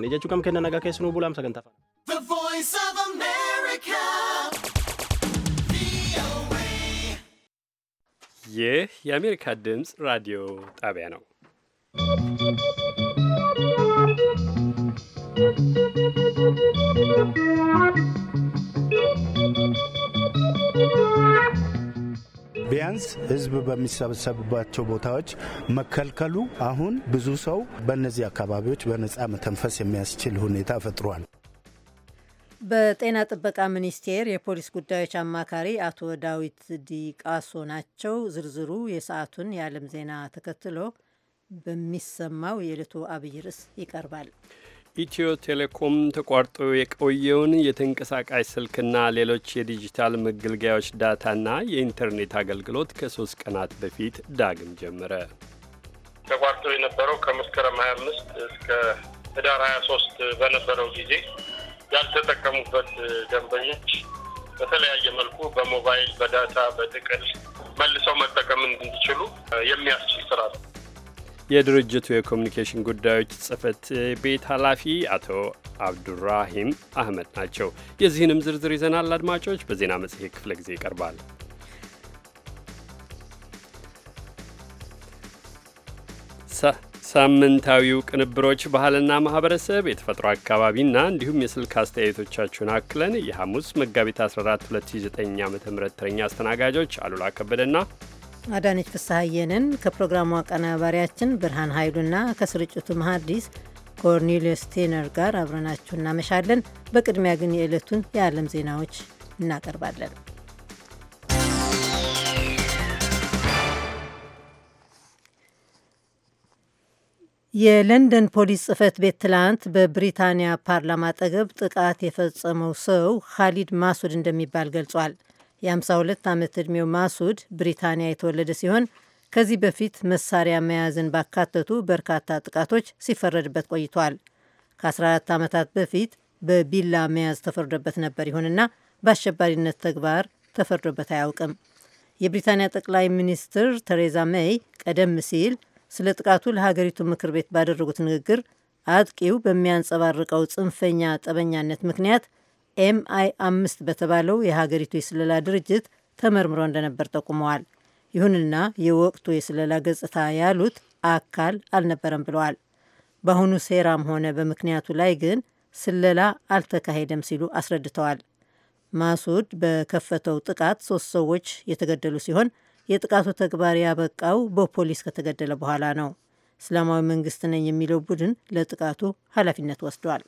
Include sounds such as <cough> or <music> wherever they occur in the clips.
jiraatanii jechuu kam kenna nagaa keessanuu bulaam sagantaa ይህ የአሜሪካ ድምፅ ራዲዮ ጣቢያ ነው። ¶¶ ቢያንስ ህዝብ በሚሰበሰብባቸው ቦታዎች መከልከሉ አሁን ብዙ ሰው በእነዚህ አካባቢዎች በነጻ መተንፈስ የሚያስችል ሁኔታ ፈጥሯል። በጤና ጥበቃ ሚኒስቴር የፖሊስ ጉዳዮች አማካሪ አቶ ዳዊት ዲቃሶ ናቸው። ዝርዝሩ የሰዓቱን የዓለም ዜና ተከትሎ በሚሰማው የዕለቱ አብይ ርዕስ ይቀርባል። ኢትዮ ቴሌኮም ተቋርጦ የቆየውን የተንቀሳቃሽ ስልክና ሌሎች የዲጂታል መገልገያዎች ዳታና የኢንተርኔት አገልግሎት ከሶስት ቀናት በፊት ዳግም ጀመረ። ተቋርጦ የነበረው ከመስከረም 25 እስከ ህዳር 23 በነበረው ጊዜ ያልተጠቀሙበት ደንበኞች በተለያየ መልኩ በሞባይል፣ በዳታ፣ በጥቅል መልሰው መጠቀም እንዲችሉ የሚያስችል ስራ ነው። የድርጅቱ የኮሚኒኬሽን ጉዳዮች ጽህፈት ቤት ኃላፊ አቶ አብዱራሂም አህመድ ናቸው። የዚህንም ዝርዝር ይዘናል አድማጮች፣ በዜና መጽሔት ክፍለ ጊዜ ይቀርባል። ሳምንታዊው ቅንብሮች ባህልና ማህበረሰብ፣ የተፈጥሮ አካባቢና እንዲሁም የስልክ አስተያየቶቻችሁን አክለን የሐሙስ መጋቢት 14 2009 ዓ ም ተረኛ አስተናጋጆች አሉላ ከበደና አዳነች ፍስሐየንን ከፕሮግራሙ አቀናባሪያችን ብርሃን ኃይሉና ከስርጭቱ መሐንዲስ ኮርኔሊዮስ ቴነር ጋር አብረናችሁ እናመሻለን። በቅድሚያ ግን የዕለቱን የዓለም ዜናዎች እናቀርባለን። የለንደን ፖሊስ ጽህፈት ቤት ትላንት በብሪታንያ ፓርላማ አጠገብ ጥቃት የፈጸመው ሰው ካሊድ ማሱድ እንደሚባል ገልጿል። የ52 ዓመት ዕድሜው ማሱድ ብሪታንያ የተወለደ ሲሆን ከዚህ በፊት መሳሪያ መያዝን ባካተቱ በርካታ ጥቃቶች ሲፈረድበት ቆይቷል። ከ14 ዓመታት በፊት በቢላ መያዝ ተፈርዶበት ነበር። ይሁንና በአሸባሪነት ተግባር ተፈርዶበት አያውቅም። የብሪታንያ ጠቅላይ ሚኒስትር ተሬዛ ሜይ ቀደም ሲል ስለ ጥቃቱ ለሀገሪቱ ምክር ቤት ባደረጉት ንግግር አጥቂው በሚያንጸባርቀው ጽንፈኛ ጠበኛነት ምክንያት ኤምአይ አምስት በተባለው የሀገሪቱ የስለላ ድርጅት ተመርምሮ እንደነበር ጠቁመዋል። ይሁንና የወቅቱ የስለላ ገጽታ ያሉት አካል አልነበረም ብለዋል። በአሁኑ ሴራም ሆነ በምክንያቱ ላይ ግን ስለላ አልተካሄደም ሲሉ አስረድተዋል። ማሱድ በከፈተው ጥቃት ሶስት ሰዎች የተገደሉ ሲሆን የጥቃቱ ተግባር ያበቃው በፖሊስ ከተገደለ በኋላ ነው። እስላማዊ መንግስት ነኝ የሚለው ቡድን ለጥቃቱ ኃላፊነት ወስዷል።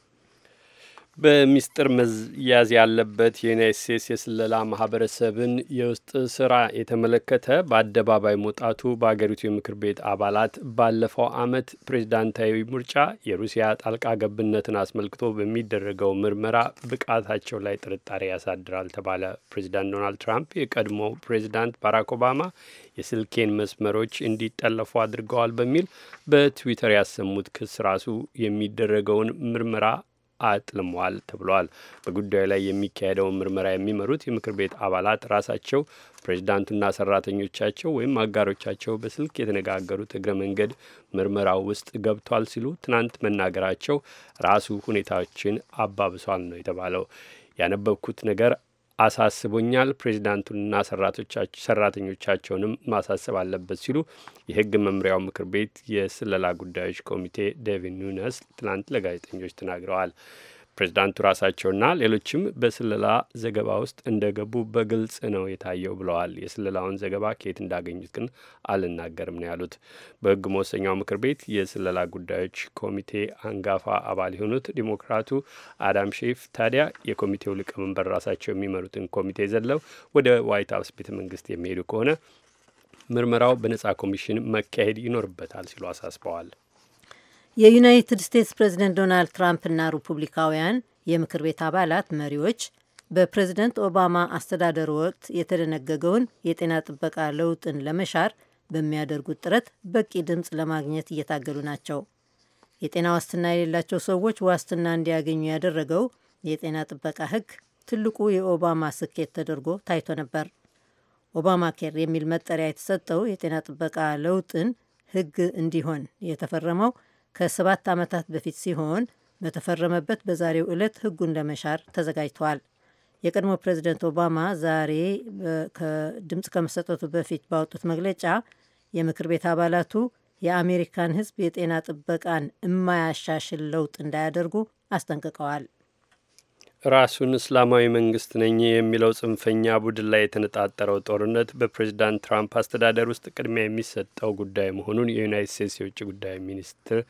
በሚስጥር መያዝ ያለበት የዩናይት ስቴትስ የስለላ ማህበረሰብን የውስጥ ስራ የተመለከተ በአደባባይ መውጣቱ በአገሪቱ የምክር ቤት አባላት ባለፈው ዓመት ፕሬዚዳንታዊ ምርጫ የሩሲያ ጣልቃ ገብነትን አስመልክቶ በሚደረገው ምርመራ ብቃታቸው ላይ ጥርጣሬ ያሳድራል ተባለ። ፕሬዚዳንት ዶናልድ ትራምፕ የቀድሞ ፕሬዚዳንት ባራክ ኦባማ የስልኬን መስመሮች እንዲጠለፉ አድርገዋል በሚል በትዊተር ያሰሙት ክስ ራሱ የሚደረገውን ምርመራ አጥልሟል ተብሏል። በጉዳዩ ላይ የሚካሄደውን ምርመራ የሚመሩት የምክር ቤት አባላት ራሳቸው ፕሬዚዳንቱና ሰራተኞቻቸው ወይም አጋሮቻቸው በስልክ የተነጋገሩት እግረ መንገድ ምርመራው ውስጥ ገብቷል ሲሉ ትናንት መናገራቸው ራሱ ሁኔታዎችን አባብሷል ነው የተባለው። ያነበብኩት ነገር አሳስቦኛል፣ ፕሬዚዳንቱንና ሰራተኞቻቸውንም ማሳሰብ አለበት ሲሉ የህግ መምሪያው ምክር ቤት የስለላ ጉዳዮች ኮሚቴ ዴቪን ኑነስ ትናንት ለጋዜጠኞች ተናግረዋል። ፕሬዚዳንቱ ራሳቸውና ሌሎችም በስለላ ዘገባ ውስጥ እንደገቡ በግልጽ ነው የታየው ብለዋል። የስለላውን ዘገባ ከየት እንዳገኙት ግን አልናገርም ነው ያሉት። በሕግ መወሰኛው ምክር ቤት የስለላ ጉዳዮች ኮሚቴ አንጋፋ አባል የሆኑት ዲሞክራቱ አዳም ሼፍ ታዲያ የኮሚቴው ሊቀመንበር ራሳቸው የሚመሩትን ኮሚቴ ዘለው ወደ ዋይት ሀውስ ቤተ መንግስት የሚሄዱ ከሆነ ምርመራው በነጻ ኮሚሽን መካሄድ ይኖርበታል ሲሉ አሳስበዋል። የዩናይትድ ስቴትስ ፕሬዚደንት ዶናልድ ትራምፕና ሪፑብሊካውያን የምክር ቤት አባላት መሪዎች በፕሬዝደንት ኦባማ አስተዳደር ወቅት የተደነገገውን የጤና ጥበቃ ለውጥን ለመሻር በሚያደርጉት ጥረት በቂ ድምፅ ለማግኘት እየታገሉ ናቸው። የጤና ዋስትና የሌላቸው ሰዎች ዋስትና እንዲያገኙ ያደረገው የጤና ጥበቃ ሕግ ትልቁ የኦባማ ስኬት ተደርጎ ታይቶ ነበር። ኦባማ ኬር የሚል መጠሪያ የተሰጠው የጤና ጥበቃ ለውጥን ሕግ እንዲሆን የተፈረመው ከሰባት ዓመታት በፊት ሲሆን በተፈረመበት በዛሬው ዕለት ህጉን ለመሻር ተዘጋጅተዋል። የቀድሞ ፕሬዚደንት ኦባማ ዛሬ ድምፅ ከመሰጠቱ በፊት ባወጡት መግለጫ የምክር ቤት አባላቱ የአሜሪካን ህዝብ የጤና ጥበቃን የማያሻሽል ለውጥ እንዳያደርጉ አስጠንቅቀዋል። ራሱን እስላማዊ መንግስት ነኝ የሚለው ጽንፈኛ ቡድን ላይ የተነጣጠረው ጦርነት በፕሬዚዳንት ትራምፕ አስተዳደር ውስጥ ቅድሚያ የሚሰጠው ጉዳይ መሆኑን የዩናይት ስቴትስ የውጭ ጉዳይ ሚኒስትር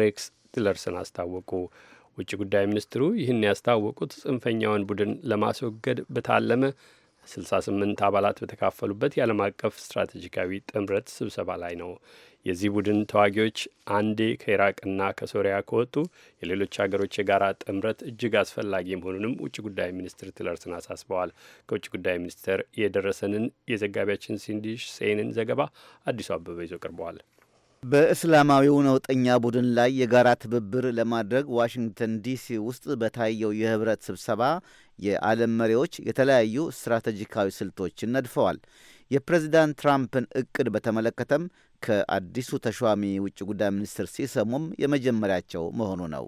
ሬክስ ቲለርሰን አስታወቁ። ውጭ ጉዳይ ሚኒስትሩ ይህን ያስታወቁት ጽንፈኛውን ቡድን ለማስወገድ በታለመ 68 አባላት በተካፈሉበት የዓለም አቀፍ ስትራቴጂካዊ ጥምረት ስብሰባ ላይ ነው። የዚህ ቡድን ተዋጊዎች አንዴ ከኢራቅና ከሶሪያ ከወጡ የሌሎች ሀገሮች የጋራ ጥምረት እጅግ አስፈላጊ መሆኑንም ውጭ ጉዳይ ሚኒስትር ቲለርሰን አሳስበዋል። ከውጭ ጉዳይ ሚኒስቴር የደረሰንን የዘጋቢያችን ሲንዲሽ ሴንን ዘገባ አዲሱ አበበ ይዞ ቀርበዋል። በእስላማዊው ነውጠኛ ቡድን ላይ የጋራ ትብብር ለማድረግ ዋሽንግተን ዲሲ ውስጥ በታየው የህብረት ስብሰባ የዓለም መሪዎች የተለያዩ ስትራቴጂካዊ ስልቶችን ነድፈዋል። የፕሬዚዳንት ትራምፕን እቅድ በተመለከተም ከአዲሱ ተሿሚ ውጭ ጉዳይ ሚኒስትር ሲሰሙም የመጀመሪያቸው መሆኑ ነው።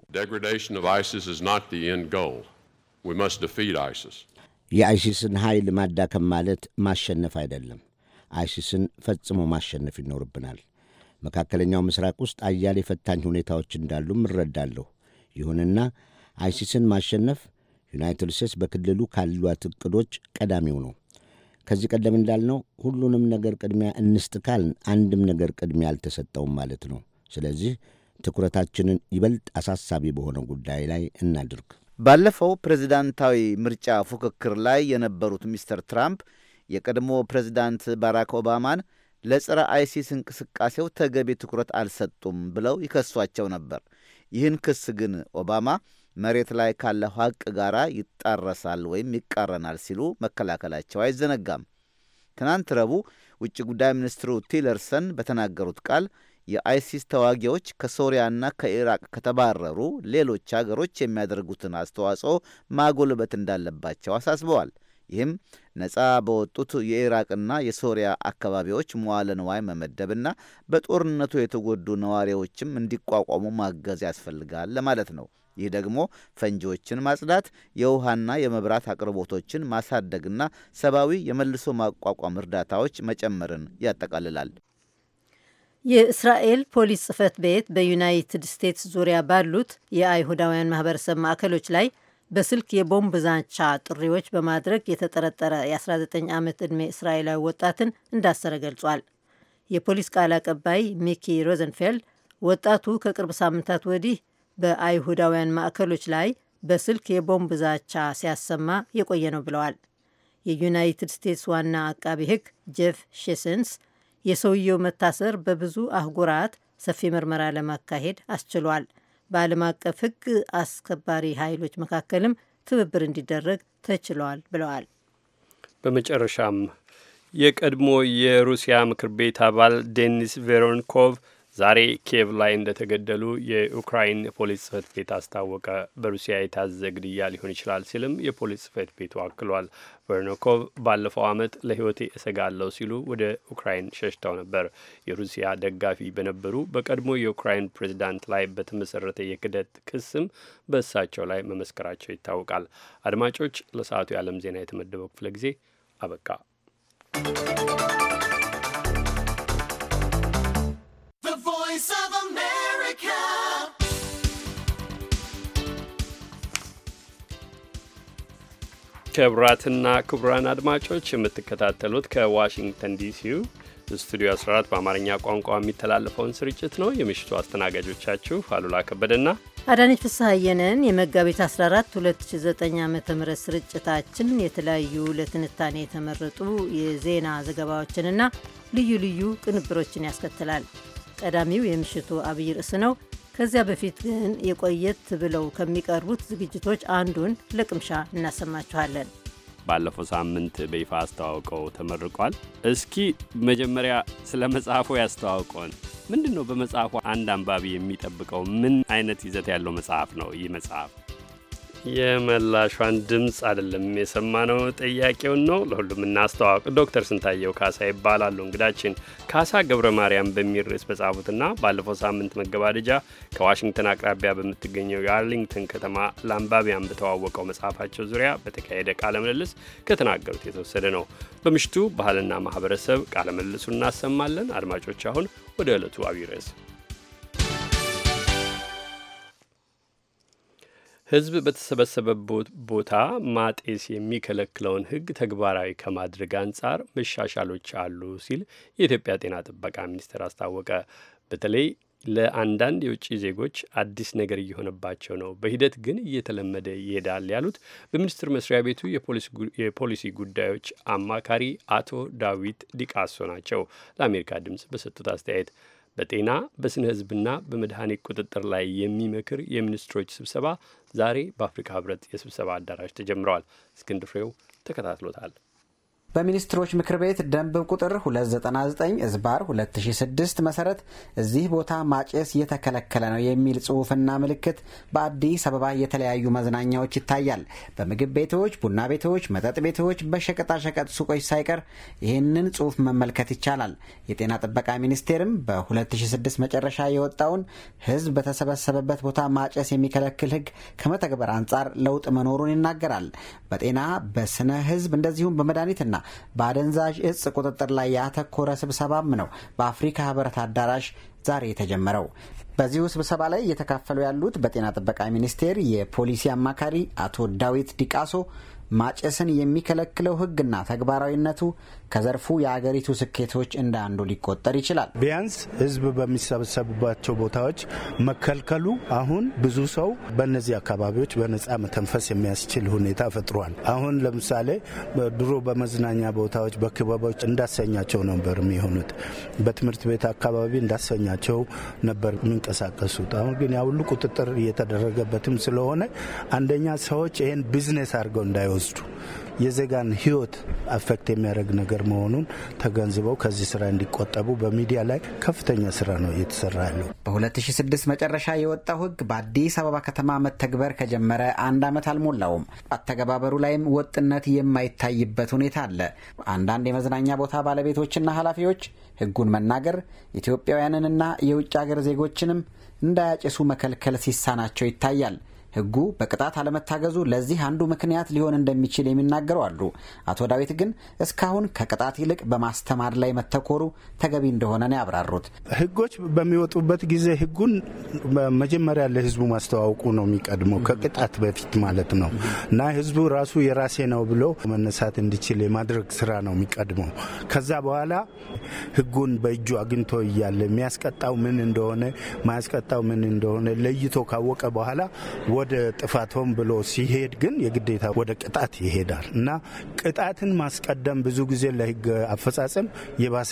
የአይሲስን ኃይል ማዳከም ማለት ማሸነፍ አይደለም። አይሲስን ፈጽሞ ማሸነፍ ይኖርብናል። መካከለኛው ምስራቅ ውስጥ አያሌ ፈታኝ ሁኔታዎች እንዳሉም እረዳለሁ። ይሁንና አይሲስን ማሸነፍ ዩናይትድ ስቴትስ በክልሉ ካሏት እቅዶች ቀዳሚው ነው። ከዚህ ቀደም እንዳልነው ሁሉንም ነገር ቅድሚያ እንስጥ ካልን አንድም ነገር ቅድሚያ አልተሰጠውም ማለት ነው። ስለዚህ ትኩረታችንን ይበልጥ አሳሳቢ በሆነ ጉዳይ ላይ እናድርግ። ባለፈው ፕሬዚዳንታዊ ምርጫ ፉክክር ላይ የነበሩት ሚስተር ትራምፕ የቀድሞ ፕሬዚዳንት ባራክ ኦባማን ለጸረ አይሲስ እንቅስቃሴው ተገቢ ትኩረት አልሰጡም ብለው ይከሷቸው ነበር። ይህን ክስ ግን ኦባማ መሬት ላይ ካለው ሀቅ ጋር ይጣረሳል ወይም ይቃረናል ሲሉ መከላከላቸው አይዘነጋም። ትናንት ረቡዕ ውጭ ጉዳይ ሚኒስትሩ ቲለርሰን በተናገሩት ቃል የአይሲስ ተዋጊዎች ከሶሪያና ከኢራቅ ከተባረሩ ሌሎች አገሮች የሚያደርጉትን አስተዋጽኦ ማጎልበት እንዳለባቸው አሳስበዋል። ይህም ነጻ በወጡት የኢራቅና የሶሪያ አካባቢዎች መዋለ ንዋይ መመደብና በጦርነቱ የተጎዱ ነዋሪዎችም እንዲቋቋሙ ማገዝ ያስፈልጋል ለማለት ነው። ይህ ደግሞ ፈንጂዎችን ማጽዳት፣ የውሃና የመብራት አቅርቦቶችን ማሳደግና ሰብአዊ የመልሶ ማቋቋም እርዳታዎች መጨመርን ያጠቃልላል። የእስራኤል ፖሊስ ጽፈት ቤት በዩናይትድ ስቴትስ ዙሪያ ባሉት የአይሁዳውያን ማህበረሰብ ማዕከሎች ላይ በስልክ የቦምብ ዛቻ ጥሪዎች በማድረግ የተጠረጠረ የ19 ዓመት ዕድሜ እስራኤላዊ ወጣትን እንዳሰረ ገልጿል። የፖሊስ ቃል አቀባይ ሚኪ ሮዘንፌልድ ወጣቱ ከቅርብ ሳምንታት ወዲህ በአይሁዳውያን ማዕከሎች ላይ በስልክ የቦምብ ዛቻ ሲያሰማ የቆየ ነው ብለዋል። የዩናይትድ ስቴትስ ዋና አቃቢ ሕግ ጄፍ ሼሰንስ የሰውየው መታሰር በብዙ አህጉራት ሰፊ ምርመራ ለማካሄድ አስችሏል። በዓለም አቀፍ ሕግ አስከባሪ ኃይሎች መካከልም ትብብር እንዲደረግ ተችሏል ብለዋል። በመጨረሻም የቀድሞ የሩሲያ ምክር ቤት አባል ዴኒስ ቬሮንኮቭ ዛሬ ኪየቭ ላይ እንደተገደሉ የዩክራይን ፖሊስ ጽህፈት ቤት አስታወቀ። በሩሲያ የታዘዘ ግድያ ሊሆን ይችላል ሲልም የፖሊስ ጽህፈት ቤቱ አክሏል። ቨርኖኮቭ ባለፈው ዓመት ለህይወቴ እሰጋለሁ ሲሉ ወደ ዩክራይን ሸሽተው ነበር። የሩሲያ ደጋፊ በነበሩ በቀድሞ የዩክራይን ፕሬዚዳንት ላይ በተመሰረተ የክደት ክስም በእሳቸው ላይ መመስከራቸው ይታወቃል። አድማጮች፣ ለሰዓቱ የዓለም ዜና የተመደበው ክፍለ ጊዜ አበቃ። ክቡራትና ክቡራን አድማጮች የምትከታተሉት ከዋሽንግተን ዲሲው ስቱዲዮ 14 በአማርኛ ቋንቋ የሚተላለፈውን ስርጭት ነው። የምሽቱ አስተናጋጆቻችሁ አሉላ ከበደና አዳነች ፍስሐየንን። የመጋቢት 14 2009 ዓ ም ስርጭታችን የተለያዩ ለትንታኔ የተመረጡ የዜና ዘገባዎችንና ልዩ ልዩ ቅንብሮችን ያስከትላል። ቀዳሚው የምሽቱ አብይ ርዕስ ነው። ከዚያ በፊት ግን የቆየት ብለው ከሚቀርቡት ዝግጅቶች አንዱን ለቅምሻ እናሰማችኋለን። ባለፈው ሳምንት በይፋ አስተዋውቀው ተመርቋል። እስኪ መጀመሪያ ስለ መጽሐፉ ያስተዋውቀውን። ምንድን ነው በመጽሐፉ አንድ አንባቢ የሚጠብቀው ምን አይነት ይዘት ያለው መጽሐፍ ነው ይህ መጽሐፍ? የመላሿን ድምፅ አይደለም የሰማነው፣ ጥያቄውን ነው። ለሁሉም እናስተዋወቅ። ዶክተር ስንታየው ካሳ ይባላሉ እንግዳችን። ካሳ ገብረ ማርያም በሚል ርዕስ በጻፉትና ባለፈው ሳምንት መገባደጃ ከዋሽንግተን አቅራቢያ በምትገኘው የአርሊንግተን ከተማ ለአንባቢያን በተዋወቀው መጽሐፋቸው ዙሪያ በተካሄደ ቃለ ምልልስ ከተናገሩት የተወሰደ ነው። በምሽቱ ባህልና ማህበረሰብ ቃለ ምልልሱ እናሰማለን። አድማጮች፣ አሁን ወደ ዕለቱ አብይ ርዕስ ህዝብ በተሰበሰበበት ቦታ ማጤስ የሚከለክለውን ህግ ተግባራዊ ከማድረግ አንጻር መሻሻሎች አሉ ሲል የኢትዮጵያ ጤና ጥበቃ ሚኒስቴር አስታወቀ። በተለይ ለአንዳንድ የውጭ ዜጎች አዲስ ነገር እየሆነባቸው ነው፣ በሂደት ግን እየተለመደ ይሄዳል ያሉት በሚኒስቴር መስሪያ ቤቱ የፖሊሲ ጉዳዮች አማካሪ አቶ ዳዊት ዲቃሶ ናቸው። ለአሜሪካ ድምፅ በሰጡት አስተያየት በጤና በስነ ህዝብና በመድኃኒት ቁጥጥር ላይ የሚመክር የሚኒስትሮች ስብሰባ ዛሬ በአፍሪካ ህብረት የስብሰባ አዳራሽ ተጀምረዋል። እስክንድር ፍሬው ተከታትሎታል። በሚኒስትሮች ምክር ቤት ደንብ ቁጥር 299 እዝባር 2006 መሰረት እዚህ ቦታ ማጨስ እየተከለከለ ነው የሚል ጽሑፍና ምልክት በአዲስ አበባ የተለያዩ መዝናኛዎች ይታያል። በምግብ ቤቶች፣ ቡና ቤቶች፣ መጠጥ ቤቶች፣ በሸቀጣሸቀጥ ሱቆች ሳይቀር ይህንን ጽሑፍ መመልከት ይቻላል። የጤና ጥበቃ ሚኒስቴርም በ2006 መጨረሻ የወጣውን ህዝብ በተሰበሰበበት ቦታ ማጨስ የሚከለክል ህግ ከመተግበር አንጻር ለውጥ መኖሩን ይናገራል። በጤና በስነ ህዝብ እንደዚሁም በመድኃኒትና በአደንዛዥ እጽ ቁጥጥር ላይ ያተኮረ ስብሰባም ነው በአፍሪካ ህብረት አዳራሽ ዛሬ የተጀመረው። በዚሁ ስብሰባ ላይ እየተካፈሉ ያሉት በጤና ጥበቃ ሚኒስቴር የፖሊሲ አማካሪ አቶ ዳዊት ዲቃሶ ማጨስን የሚከለክለው ህግና ተግባራዊነቱ ከዘርፉ የአገሪቱ ስኬቶች እንደ አንዱ ሊቆጠር ይችላል። ቢያንስ ህዝብ በሚሰበሰቡባቸው ቦታዎች መከልከሉ አሁን ብዙ ሰው በእነዚህ አካባቢዎች በነፃ መተንፈስ የሚያስችል ሁኔታ ፈጥሯል። አሁን ለምሳሌ ድሮ በመዝናኛ ቦታዎች፣ በክበቦች እንዳሰኛቸው ነበር የሚሆኑት። በትምህርት ቤት አካባቢ እንዳሰኛቸው ነበር የሚንቀሳቀሱት። አሁን ግን ያ ሁሉ ቁጥጥር እየተደረገበትም ስለሆነ አንደኛ ሰዎች ይህን ቢዝነስ አድርገው እንዳይወስዱ የዜጋን ህይወት አፌክት የሚያደርግ ነገር መሆኑን ተገንዝበው ከዚህ ስራ እንዲቆጠቡ በሚዲያ ላይ ከፍተኛ ስራ ነው እየተሰራ ያለው። በ2006 መጨረሻ የወጣው ህግ በአዲስ አበባ ከተማ መተግበር ከጀመረ አንድ ዓመት አልሞላውም። አተገባበሩ ላይም ወጥነት የማይታይበት ሁኔታ አለ። አንዳንድ የመዝናኛ ቦታ ባለቤቶችና ኃላፊዎች ህጉን መናገር ኢትዮጵያውያንንና የውጭ ሀገር ዜጎችንም እንዳያጭሱ መከልከል ሲሳናቸው ይታያል። ህጉ በቅጣት አለመታገዙ ለዚህ አንዱ ምክንያት ሊሆን እንደሚችል የሚናገሩ አሉ። አቶ ዳዊት ግን እስካሁን ከቅጣት ይልቅ በማስተማር ላይ መተኮሩ ተገቢ እንደሆነ ነው ያብራሩት። ህጎች በሚወጡበት ጊዜ ህጉን መጀመሪያ ለህዝቡ ማስተዋወቁ ነው የሚቀድመው ከቅጣት በፊት ማለት ነው እና ህዝቡ ራሱ የራሴ ነው ብሎ መነሳት እንዲችል የማድረግ ስራ ነው የሚቀድመው። ከዛ በኋላ ህጉን በእጁ አግኝቶ እያለ የሚያስቀጣው ምን እንደሆነ ማያስቀጣው ምን እንደሆነ ለይቶ ካወቀ በኋላ ወደ ጥፋት ሆን ብሎ ሲሄድ ግን የግዴታ ወደ ቅጣት ይሄዳል እና ቅጣትን ማስቀደም ብዙ ጊዜ ለህግ አፈጻጸም የባሰ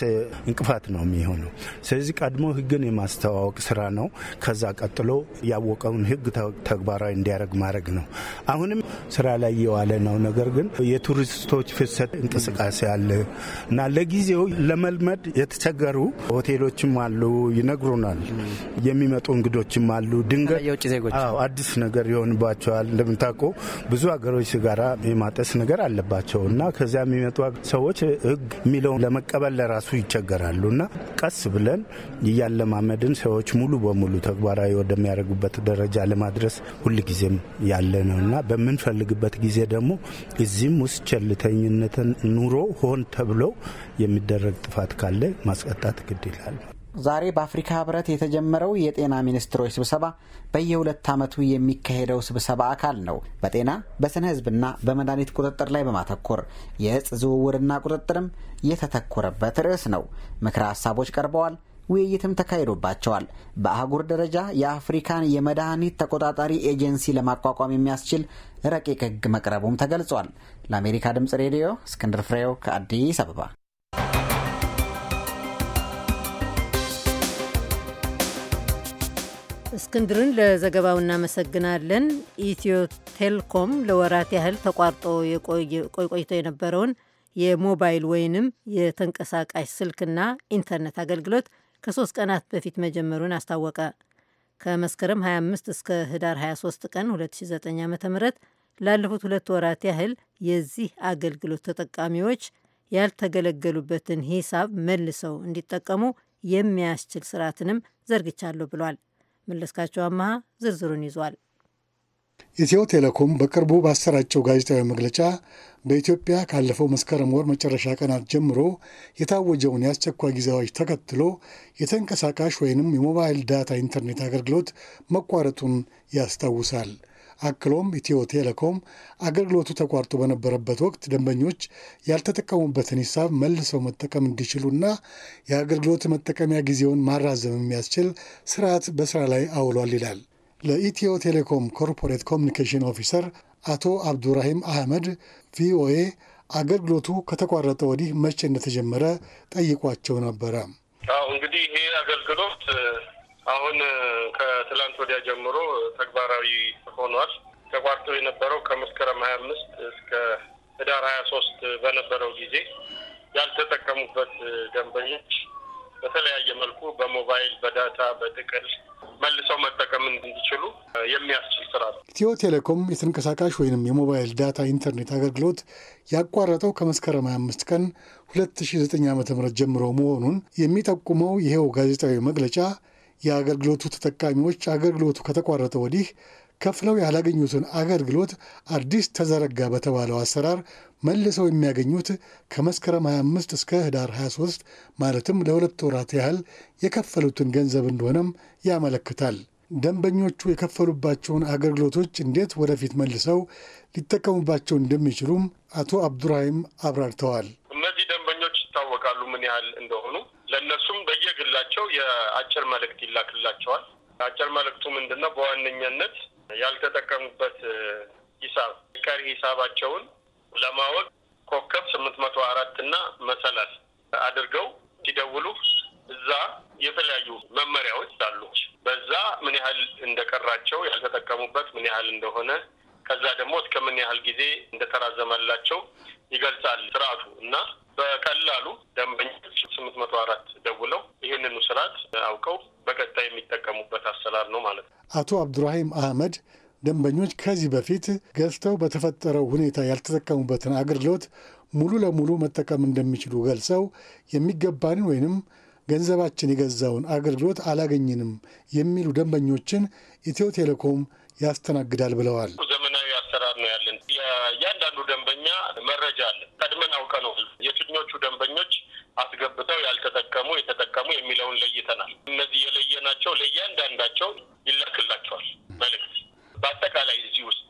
እንቅፋት ነው የሚሆነው። ስለዚህ ቀድሞ ህግን የማስተዋወቅ ስራ ነው። ከዛ ቀጥሎ ያወቀውን ህግ ተግባራዊ እንዲያደርግ ማድረግ ነው። አሁንም ስራ ላይ የዋለ ነው። ነገር ግን የቱሪስቶች ፍሰት እንቅስቃሴ አለ እና ለጊዜው ለመልመድ የተቸገሩ ሆቴሎችም አሉ፣ ይነግሩናል። የሚመጡ እንግዶችም አሉ። ድንገት አዲስ ነገር ነገር ይሆንባቸዋል። እንደምታውቀው ብዙ ሀገሮች ጋራ የማጠስ ነገር አለባቸው እና ከዚያ የሚመጡ ሰዎች ህግ የሚለውን ለመቀበል ለራሱ ይቸገራሉ እና ቀስ ብለን እያለማመድን ሰዎች ሙሉ በሙሉ ተግባራዊ ወደሚያደርጉበት ደረጃ ለማድረስ ሁልጊዜም ያለ ነው እና በምንፈልግበት ጊዜ ደግሞ እዚህም ውስጥ ቸልተኝነትን ኑሮ ሆን ተብሎ የሚደረግ ጥፋት ካለ ማስቀጣት ግድ ይላል። ዛሬ በአፍሪካ ህብረት የተጀመረው የጤና ሚኒስትሮች ስብሰባ በየሁለት ዓመቱ የሚካሄደው ስብሰባ አካል ነው። በጤና በስነ ህዝብና በመድኃኒት ቁጥጥር ላይ በማተኮር የእጽ ዝውውርና ቁጥጥርም የተተኮረበት ርዕስ ነው። ምክረ ሀሳቦች ቀርበዋል። ውይይትም ተካሂዶባቸዋል። በአህጉር ደረጃ የአፍሪካን የመድኃኒት ተቆጣጣሪ ኤጀንሲ ለማቋቋም የሚያስችል ረቂቅ ህግ መቅረቡም ተገልጿል። ለአሜሪካ ድምጽ ሬዲዮ እስክንድር ፍሬው ከአዲስ አበባ እስክንድርን ለዘገባው እናመሰግናለን። ኢትዮ ቴሌኮም ለወራት ያህል ተቋርጦ ቆይቆይቶ የነበረውን የሞባይል ወይንም የተንቀሳቃሽ ስልክና ኢንተርኔት አገልግሎት ከሶስት ቀናት በፊት መጀመሩን አስታወቀ። ከመስከረም 25 እስከ ህዳር 23 ቀን 2009 ዓ ም ላለፉት ሁለት ወራት ያህል የዚህ አገልግሎት ተጠቃሚዎች ያልተገለገሉበትን ሂሳብ መልሰው እንዲጠቀሙ የሚያስችል ስርዓትንም ዘርግቻለሁ ብሏል። መለስካቸው አመሃ ዝርዝሩን ይዟል። ኢትዮ ቴሌኮም በቅርቡ ባሰራጨው ጋዜጣዊ መግለጫ በኢትዮጵያ ካለፈው መስከረም ወር መጨረሻ ቀናት ጀምሮ የታወጀውን የአስቸኳይ ጊዜ አዋጅ ተከትሎ የተንቀሳቃሽ ወይንም የሞባይል ዳታ ኢንተርኔት አገልግሎት መቋረጡን ያስታውሳል። አክሎም ኢትዮ ቴሌኮም አገልግሎቱ ተቋርጦ በነበረበት ወቅት ደንበኞች ያልተጠቀሙበትን ሂሳብ መልሰው መጠቀም እንዲችሉና የአገልግሎት መጠቀሚያ ጊዜውን ማራዘም የሚያስችል ስርዓት በስራ ላይ አውሏል ይላል። ለኢትዮ ቴሌኮም ኮርፖሬት ኮሚኒኬሽን ኦፊሰር አቶ አብዱራሂም አህመድ ቪኦኤ አገልግሎቱ ከተቋረጠ ወዲህ መቼ እንደተጀመረ ጠይቋቸው ነበረ። እንግዲህ ይሄ አገልግሎት አሁን ከትላንት ወዲያ ጀምሮ ተግባራዊ ሆኗል። ተቋርጦ የነበረው ከመስከረም ሀያ አምስት እስከ ህዳር ሀያ ሶስት በነበረው ጊዜ ያልተጠቀሙበት ደንበኞች በተለያየ መልኩ በሞባይል በዳታ በጥቅል መልሰው መጠቀም እንዲችሉ የሚያስችል ስራ ነው። ኢትዮ ቴሌኮም የተንቀሳቃሽ ወይንም የሞባይል ዳታ ኢንተርኔት አገልግሎት ያቋረጠው ከመስከረም 25 ቀን 2009 ዓ.ም ጀምሮ መሆኑን የሚጠቁመው ይሄው ጋዜጣዊ መግለጫ የአገልግሎቱ ተጠቃሚዎች አገልግሎቱ ከተቋረጠ ወዲህ ከፍለው ያላገኙትን አገልግሎት አዲስ ተዘረጋ በተባለው አሰራር መልሰው የሚያገኙት ከመስከረም 25 እስከ ህዳር 23 ማለትም ለሁለት ወራት ያህል የከፈሉትን ገንዘብ እንደሆነም ያመለክታል። ደንበኞቹ የከፈሉባቸውን አገልግሎቶች እንዴት ወደፊት መልሰው ሊጠቀሙባቸው እንደሚችሉም አቶ አብዱራሂም አብራርተዋል። እነዚህ ደንበኞች ይታወቃሉ ምን ያህል እንደሆኑ ለእነሱም እንዲላክላቸው የአጭር መልእክት ይላክላቸዋል። አጭር መልእክቱ ምንድን ነው? በዋነኛነት ያልተጠቀሙበት ሂሳብ ቀሪ ሂሳባቸውን ለማወቅ ኮከብ ስምንት መቶ አራት እና መሰላል አድርገው ሲደውሉ እዛ የተለያዩ መመሪያዎች አሉ። በዛ ምን ያህል እንደቀራቸው ያልተጠቀሙበት ምን ያህል እንደሆነ ከዛ ደግሞ እስከ ምን ያህል ጊዜ እንደተራዘመላቸው ይገልጻል ስርዓቱ እና በቀላሉ ደንበኞች ስምንት መቶ አራት ደውለው ይህንኑ ስርዓት አውቀው በቀጣይ የሚጠቀሙበት አሰራር ነው ማለት ነው። አቶ አብዱራሂም አህመድ ደንበኞች ከዚህ በፊት ገዝተው በተፈጠረው ሁኔታ ያልተጠቀሙበትን አገልግሎት ሙሉ ለሙሉ መጠቀም እንደሚችሉ ገልጸው የሚገባንን ወይንም ገንዘባችን የገዛውን አገልግሎት አላገኝንም የሚሉ ደንበኞችን ኢትዮ ቴሌኮም ያስተናግዳል ብለዋል። ዘመናዊ አሰራር ነው ያለን። የእያንዳንዱ ደንበኛ መረጃ አለ። ቀድመን አውቀ ነው የትኞቹ ደንበኞች አስገብተው ያልተጠቀሙ የተጠቀሙ የሚለውን ለይተናል። እነዚህ የለየናቸው ለእያንዳንዳቸው ይላክላቸዋል መልእክት በአጠቃላይ እዚህ ውስጥ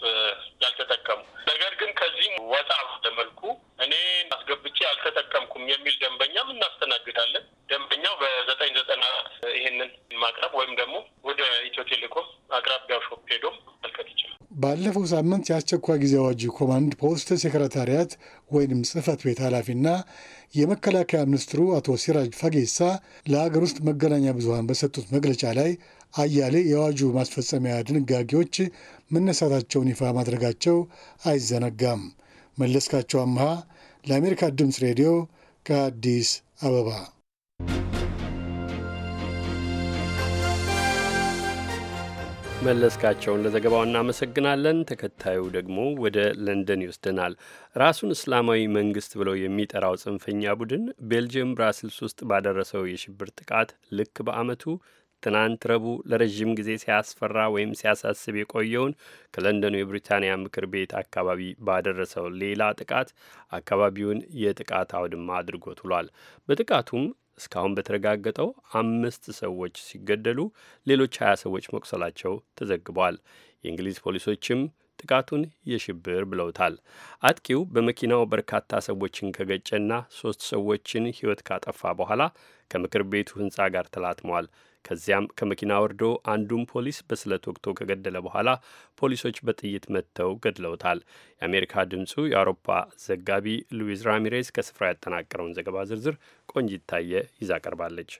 ያልተጠቀሙ ነገር ግን ከዚህም ወጣ በመልኩ እኔ አስገብቼ አልተጠቀምኩም የሚል ደንበኛም እናስተናግዳለን። ደንበኛው በዘጠኝ ዘጠና ይህንን ማቅረብ ወይም ደግሞ ወደ ኢትዮ ቴሌኮም አቅራቢያው ሾፕ ሄዶ መልከት ይችላል። ባለፈው ሳምንት የአስቸኳይ ጊዜ አዋጅ ኮማንድ ፖስት ሴክረታሪያት ወይም ጽህፈት ቤት ኃላፊና የመከላከያ ሚኒስትሩ አቶ ሲራጅ ፈጌሳ ለሀገር ውስጥ መገናኛ ብዙሀን በሰጡት መግለጫ ላይ አያሌ የአዋጁ ማስፈጸሚያ ድንጋጌዎች መነሳታቸውን ይፋ ማድረጋቸው አይዘነጋም። መለስካቸው አምሃ ለአሜሪካ ድምፅ ሬዲዮ ከአዲስ አበባ መለስካቸውን ለዘገባው እናመሰግናለን። ተከታዩ ደግሞ ወደ ለንደን ይወስደናል። ራሱን እስላማዊ መንግስት ብለው የሚጠራው ጽንፈኛ ቡድን ቤልጅየም ብራስልስ ውስጥ ባደረሰው የሽብር ጥቃት ልክ በአመቱ ትናንት ረቡዕ ለረዥም ጊዜ ሲያስፈራ ወይም ሲያሳስብ የቆየውን ከለንደኑ የብሪታንያ ምክር ቤት አካባቢ ባደረሰው ሌላ ጥቃት አካባቢውን የጥቃት አውድማ አድርጎት ውሏል። በጥቃቱም እስካሁን በተረጋገጠው አምስት ሰዎች ሲገደሉ ሌሎች ሀያ ሰዎች መቁሰላቸው ተዘግበዋል። የእንግሊዝ ፖሊሶችም ጥቃቱን የሽብር ብለውታል። አጥቂው በመኪናው በርካታ ሰዎችን ከገጨና ሶስት ሰዎችን ሕይወት ካጠፋ በኋላ ከምክር ቤቱ ሕንፃ ጋር ተላትመዋል። ከዚያም ከመኪና ወርዶ አንዱን ፖሊስ በስለት ወቅቶ ከገደለ በኋላ ፖሊሶች በጥይት መጥተው ገድለውታል። የአሜሪካ ድምጹ የአውሮፓ ዘጋቢ ሉዊዝ ራሚሬዝ ከስፍራ ያጠናቀረውን ዘገባ ዝርዝር ቆንጂት ታየ ይዛ ቀርባለች።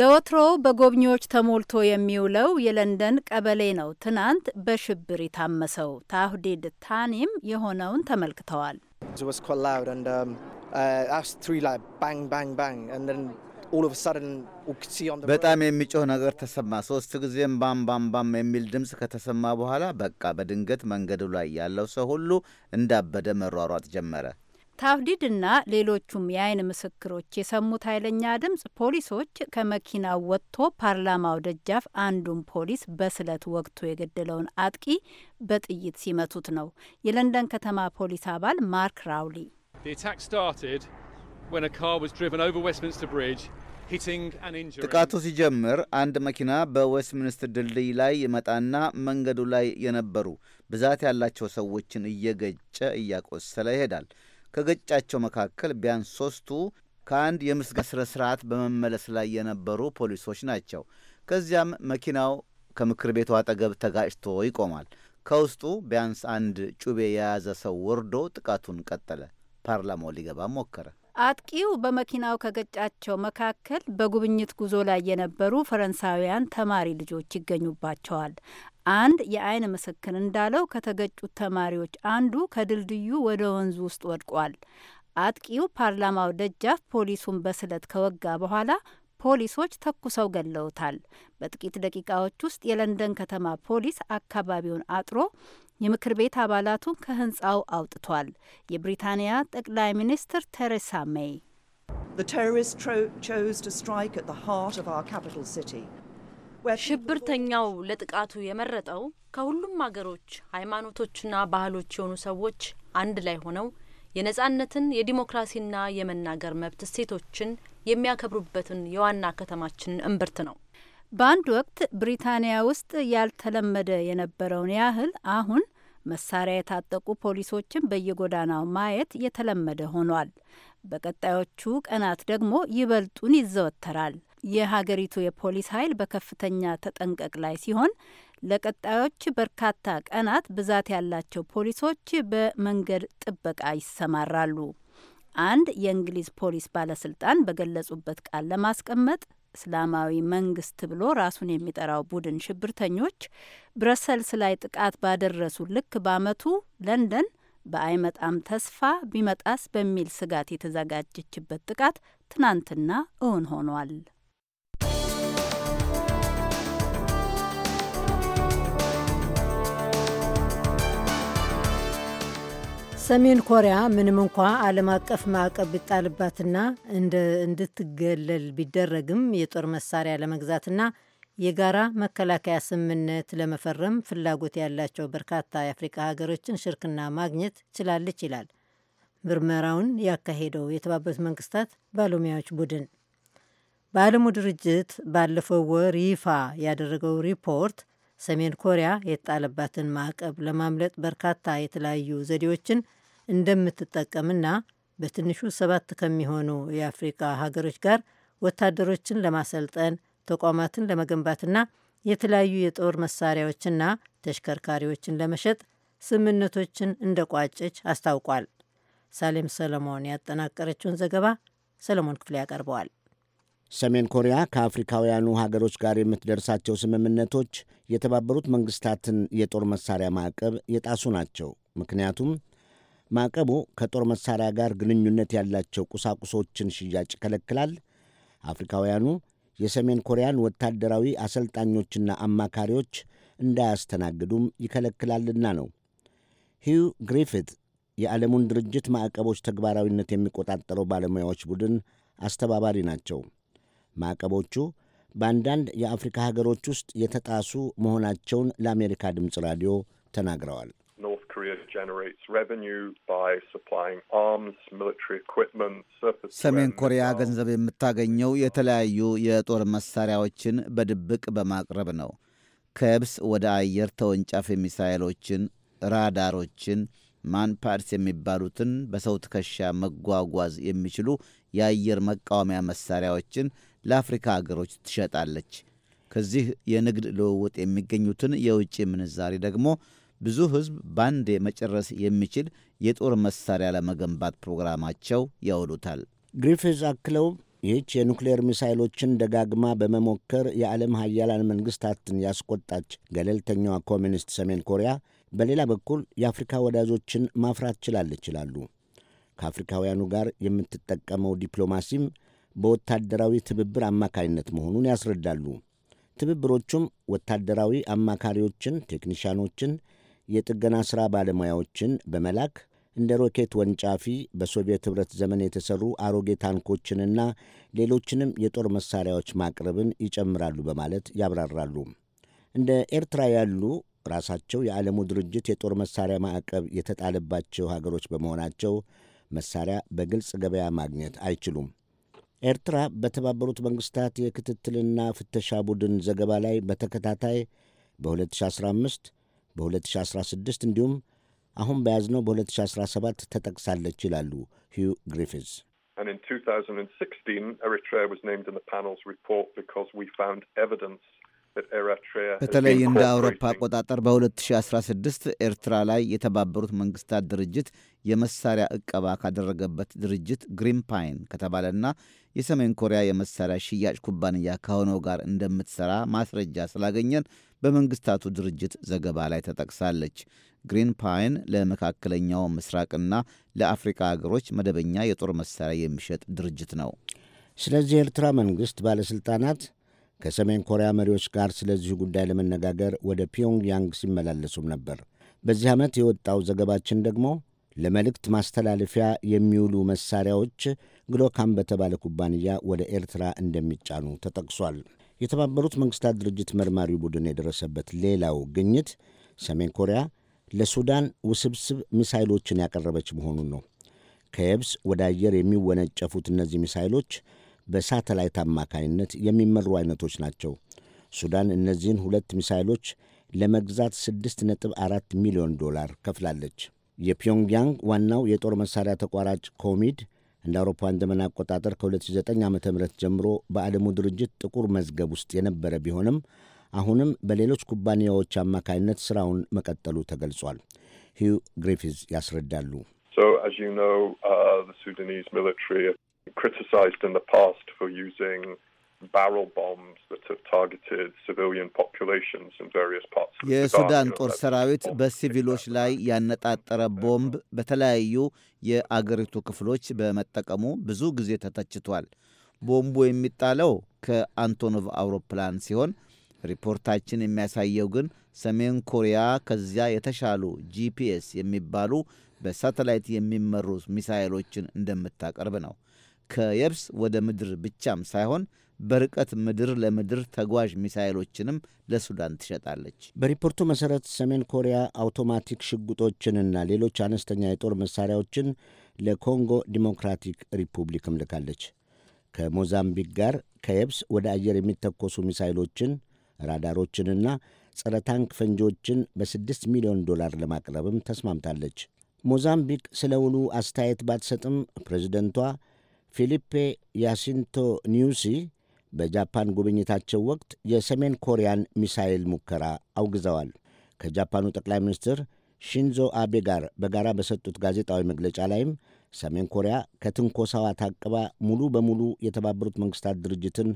ለወትሮ በጎብኚዎች ተሞልቶ የሚውለው የለንደን ቀበሌ ነው ትናንት በሽብር የታመሰው። ታህዲድ ታኒም የሆነውን ተመልክተዋል። በጣም የሚጮህ ነገር ተሰማ። ሶስት ጊዜም ባም ባም ባም የሚል ድምፅ ከተሰማ በኋላ በቃ በድንገት መንገዱ ላይ ያለው ሰው ሁሉ እንዳበደ መሯሯጥ ጀመረ። ታህዲድና ሌሎቹም የአይን ምስክሮች የሰሙት ኃይለኛ ድምፅ ፖሊሶች ከመኪናው ወጥቶ ፓርላማው ደጃፍ አንዱን ፖሊስ በስለት ወግቶ የገደለውን አጥቂ በጥይት ሲመቱት ነው። የለንደን ከተማ ፖሊስ አባል ማርክ ራውሊ ጥቃቱ ሲጀምር አንድ መኪና በዌስትሚኒስትር ድልድይ ላይ ይመጣና መንገዱ ላይ የነበሩ ብዛት ያላቸው ሰዎችን እየገጨ እያቆሰለ ይሄዳል። ከገጫቸው መካከል ቢያንስ ሶስቱ ከአንድ የምስጋና ስነ ስርዓት በመመለስ ላይ የነበሩ ፖሊሶች ናቸው። ከዚያም መኪናው ከምክር ቤቱ አጠገብ ተጋጭቶ ይቆማል። ከውስጡ ቢያንስ አንድ ጩቤ የያዘ ሰው ወርዶ ጥቃቱን ቀጠለ። ፓርላማው ሊገባ ሞከረ። አጥቂው በመኪናው ከገጫቸው መካከል በጉብኝት ጉዞ ላይ የነበሩ ፈረንሳውያን ተማሪ ልጆች ይገኙባቸዋል። አንድ የአይን ምስክር እንዳለው ከተገጩት ተማሪዎች አንዱ ከድልድዩ ወደ ወንዙ ውስጥ ወድቋል። አጥቂው ፓርላማው ደጃፍ ፖሊሱን በስለት ከወጋ በኋላ ፖሊሶች ተኩሰው ገለውታል። በጥቂት ደቂቃዎች ውስጥ የለንደን ከተማ ፖሊስ አካባቢውን አጥሮ የምክር ቤት አባላቱን ከህንጻው አውጥቷል። የብሪታንያ ጠቅላይ ሚኒስትር ቴሬሳ ሜይ ሽብርተኛው ለጥቃቱ የመረጠው ከሁሉም አገሮች ሃይማኖቶችና ባህሎች የሆኑ ሰዎች አንድ ላይ ሆነው የነጻነትን የዲሞክራሲና የመናገር መብት እሴቶችን የሚያከብሩበትን የዋና ከተማችንን እምብርት ነው። በአንድ ወቅት ብሪታንያ ውስጥ ያልተለመደ የነበረውን ያህል አሁን መሳሪያ የታጠቁ ፖሊሶችን በየጎዳናው ማየት የተለመደ ሆኗል። በቀጣዮቹ ቀናት ደግሞ ይበልጡን ይዘወተራል። የሀገሪቱ የፖሊስ ኃይል በከፍተኛ ተጠንቀቅ ላይ ሲሆን ለቀጣዮች በርካታ ቀናት ብዛት ያላቸው ፖሊሶች በመንገድ ጥበቃ ይሰማራሉ። አንድ የእንግሊዝ ፖሊስ ባለስልጣን በገለጹበት ቃል ለማስቀመጥ እስላማዊ መንግስት ብሎ ራሱን የሚጠራው ቡድን ሽብርተኞች ብረሰልስ ላይ ጥቃት ባደረሱ ልክ በአመቱ ለንደን በአይመጣም ተስፋ ቢመጣስ በሚል ስጋት የተዘጋጀችበት ጥቃት ትናንትና እውን ሆኗል። ሰሜን ኮሪያ ምንም እንኳ ዓለም አቀፍ ማዕቀብ ቢጣልባትና እንድትገለል ቢደረግም የጦር መሳሪያ ለመግዛትና የጋራ መከላከያ ስምምነት ለመፈረም ፍላጎት ያላቸው በርካታ የአፍሪካ ሀገሮችን ሽርክና ማግኘት ችላለች ይላል ምርመራውን ያካሄደው የተባበሩት መንግስታት ባለሙያዎች ቡድን። በዓለሙ ድርጅት ባለፈው ወር ይፋ ያደረገው ሪፖርት ሰሜን ኮሪያ የተጣለባትን ማዕቀብ ለማምለጥ በርካታ የተለያዩ ዘዴዎችን እንደምትጠቀምና በትንሹ ሰባት ከሚሆኑ የአፍሪካ ሀገሮች ጋር ወታደሮችን ለማሰልጠን ተቋማትን ለመገንባትና የተለያዩ የጦር መሳሪያዎችና ተሽከርካሪዎችን ለመሸጥ ስምምነቶችን ቋጨች አስታውቋል። ሳሌም ሰለሞን ያጠናቀረችውን ዘገባ ሰለሞን ክፍሌ ያቀርበዋል። ሰሜን ኮሪያ ከአፍሪካውያኑ ሀገሮች ጋር የምትደርሳቸው ስምምነቶች የተባበሩት መንግስታትን የጦር መሳሪያ ማዕቀብ የጣሱ ናቸው። ምክንያቱም ማዕቀቡ ከጦር መሳሪያ ጋር ግንኙነት ያላቸው ቁሳቁሶችን ሽያጭ ይከለክላል። አፍሪካውያኑ የሰሜን ኮሪያን ወታደራዊ አሰልጣኞችና አማካሪዎች እንዳያስተናግዱም ይከለክላልና ነው። ሂው ግሪፊት የዓለሙን ድርጅት ማዕቀቦች ተግባራዊነት የሚቆጣጠረው ባለሙያዎች ቡድን አስተባባሪ ናቸው። ማዕቀቦቹ በአንዳንድ የአፍሪካ ሀገሮች ውስጥ የተጣሱ መሆናቸውን ለአሜሪካ ድምፅ ራዲዮ ተናግረዋል። ሰሜን ኮሪያ ገንዘብ የምታገኘው የተለያዩ የጦር መሳሪያዎችን በድብቅ በማቅረብ ነው። ከብስ ወደ አየር ተወንጫፊ ሚሳይሎችን፣ ራዳሮችን፣ ማንፓድስ የሚባሉትን በሰው ትከሻ መጓጓዝ የሚችሉ የአየር መቃወሚያ መሳሪያዎችን ለአፍሪካ አገሮች ትሸጣለች። ከዚህ የንግድ ልውውጥ የሚገኙትን የውጭ ምንዛሪ ደግሞ ብዙ ሕዝብ ባንዴ መጨረስ የሚችል የጦር መሳሪያ ለመገንባት ፕሮግራማቸው ያውሉታል። ግሪፊዝ አክለው ይህች የኑክሌር ሚሳይሎችን ደጋግማ በመሞከር የዓለም ሀያላን መንግሥታትን ያስቆጣች ገለልተኛዋ ኮሚኒስት ሰሜን ኮሪያ በሌላ በኩል የአፍሪካ ወዳጆችን ማፍራት ችላለች ይላሉ። ከአፍሪካውያኑ ጋር የምትጠቀመው ዲፕሎማሲም በወታደራዊ ትብብር አማካኝነት መሆኑን ያስረዳሉ። ትብብሮቹም ወታደራዊ አማካሪዎችን፣ ቴክኒሽያኖችን የጥገና ሥራ ባለሙያዎችን በመላክ እንደ ሮኬት ወንጫፊ በሶቪየት ኅብረት ዘመን የተሠሩ አሮጌ ታንኮችንና ሌሎችንም የጦር መሣሪያዎች ማቅረብን ይጨምራሉ በማለት ያብራራሉ። እንደ ኤርትራ ያሉ ራሳቸው የዓለሙ ድርጅት የጦር መሣሪያ ማዕቀብ የተጣለባቸው ሀገሮች በመሆናቸው መሣሪያ በግልጽ ገበያ ማግኘት አይችሉም። ኤርትራ በተባበሩት መንግሥታት የክትትልና ፍተሻ ቡድን ዘገባ ላይ በተከታታይ በ2015 And in 2016, Eritrea was named in the panel's report because we found evidence በተለይ እንደ አውሮፓ አቆጣጠር በ2016 ኤርትራ ላይ የተባበሩት መንግስታት ድርጅት የመሳሪያ እቀባ ካደረገበት ድርጅት ግሪን ፓይን ከተባለና የሰሜን ኮሪያ የመሳሪያ ሽያጭ ኩባንያ ከሆነው ጋር እንደምትሰራ ማስረጃ ስላገኘን በመንግስታቱ ድርጅት ዘገባ ላይ ተጠቅሳለች። ግሪን ፓይን ለመካከለኛው ምስራቅና ለአፍሪካ ሀገሮች መደበኛ የጦር መሳሪያ የሚሸጥ ድርጅት ነው። ስለዚህ የኤርትራ መንግስት ባለሥልጣናት ከሰሜን ኮሪያ መሪዎች ጋር ስለዚህ ጉዳይ ለመነጋገር ወደ ፒዮንግያንግ ሲመላለሱም ነበር። በዚህ ዓመት የወጣው ዘገባችን ደግሞ ለመልእክት ማስተላለፊያ የሚውሉ መሳሪያዎች ግሎካም በተባለ ኩባንያ ወደ ኤርትራ እንደሚጫኑ ተጠቅሷል። የተባበሩት መንግሥታት ድርጅት መርማሪ ቡድን የደረሰበት ሌላው ግኝት ሰሜን ኮሪያ ለሱዳን ውስብስብ ሚሳይሎችን ያቀረበች መሆኑን ነው። ከየብስ ወደ አየር የሚወነጨፉት እነዚህ ሚሳይሎች በሳተላይት አማካኝነት የሚመሩ አይነቶች ናቸው። ሱዳን እነዚህን ሁለት ሚሳይሎች ለመግዛት 6.4 ሚሊዮን ዶላር ከፍላለች። የፒዮንግያንግ ዋናው የጦር መሳሪያ ተቋራጭ ኮሚድ እንደ አውሮፓውያን ዘመን አቆጣጠር ከ2009 ዓ ም ጀምሮ በዓለሙ ድርጅት ጥቁር መዝገብ ውስጥ የነበረ ቢሆንም አሁንም በሌሎች ኩባንያዎች አማካኝነት ስራውን መቀጠሉ ተገልጿል። ሂው ግሪፊዝ ያስረዳሉ። criticized in the past for using barrel bombs that have targeted civilian populations in various parts of የሱዳን ጦር ሰራዊት በሲቪሎች ላይ ያነጣጠረ ቦምብ በተለያዩ የአገሪቱ ክፍሎች በመጠቀሙ ብዙ ጊዜ ተተችቷል። ቦምቡ የሚጣለው ከአንቶኖቭ አውሮፕላን ሲሆን ሪፖርታችን የሚያሳየው ግን ሰሜን ኮሪያ ከዚያ የተሻሉ ጂፒኤስ የሚባሉ በሳተላይት የሚመሩ ሚሳይሎችን እንደምታቀርብ ነው። ከየብስ ወደ ምድር ብቻም ሳይሆን በርቀት ምድር ለምድር ተጓዥ ሚሳይሎችንም ለሱዳን ትሸጣለች። በሪፖርቱ መሠረት ሰሜን ኮሪያ አውቶማቲክ ሽጉጦችንና ሌሎች አነስተኛ የጦር መሣሪያዎችን ለኮንጎ ዲሞክራቲክ ሪፑብሊክም ልካለች። ከሞዛምቢክ ጋር ከየብስ ወደ አየር የሚተኮሱ ሚሳይሎችን፣ ራዳሮችንና ጸረ ታንክ ፈንጂዎችን በስድስት ሚሊዮን ዶላር ለማቅረብም ተስማምታለች። ሞዛምቢክ ስለ ውሉ አስተያየት ባትሰጥም ፕሬዚደንቷ ፊሊፔ ያሲንቶ ኒውሲ በጃፓን ጉብኝታቸው ወቅት የሰሜን ኮሪያን ሚሳይል ሙከራ አውግዘዋል። ከጃፓኑ ጠቅላይ ሚኒስትር ሺንዞ አቤ ጋር በጋራ በሰጡት ጋዜጣዊ መግለጫ ላይም ሰሜን ኮሪያ ከትንኮሳዋ ታቅባ ሙሉ በሙሉ የተባበሩት መንግስታት ድርጅትን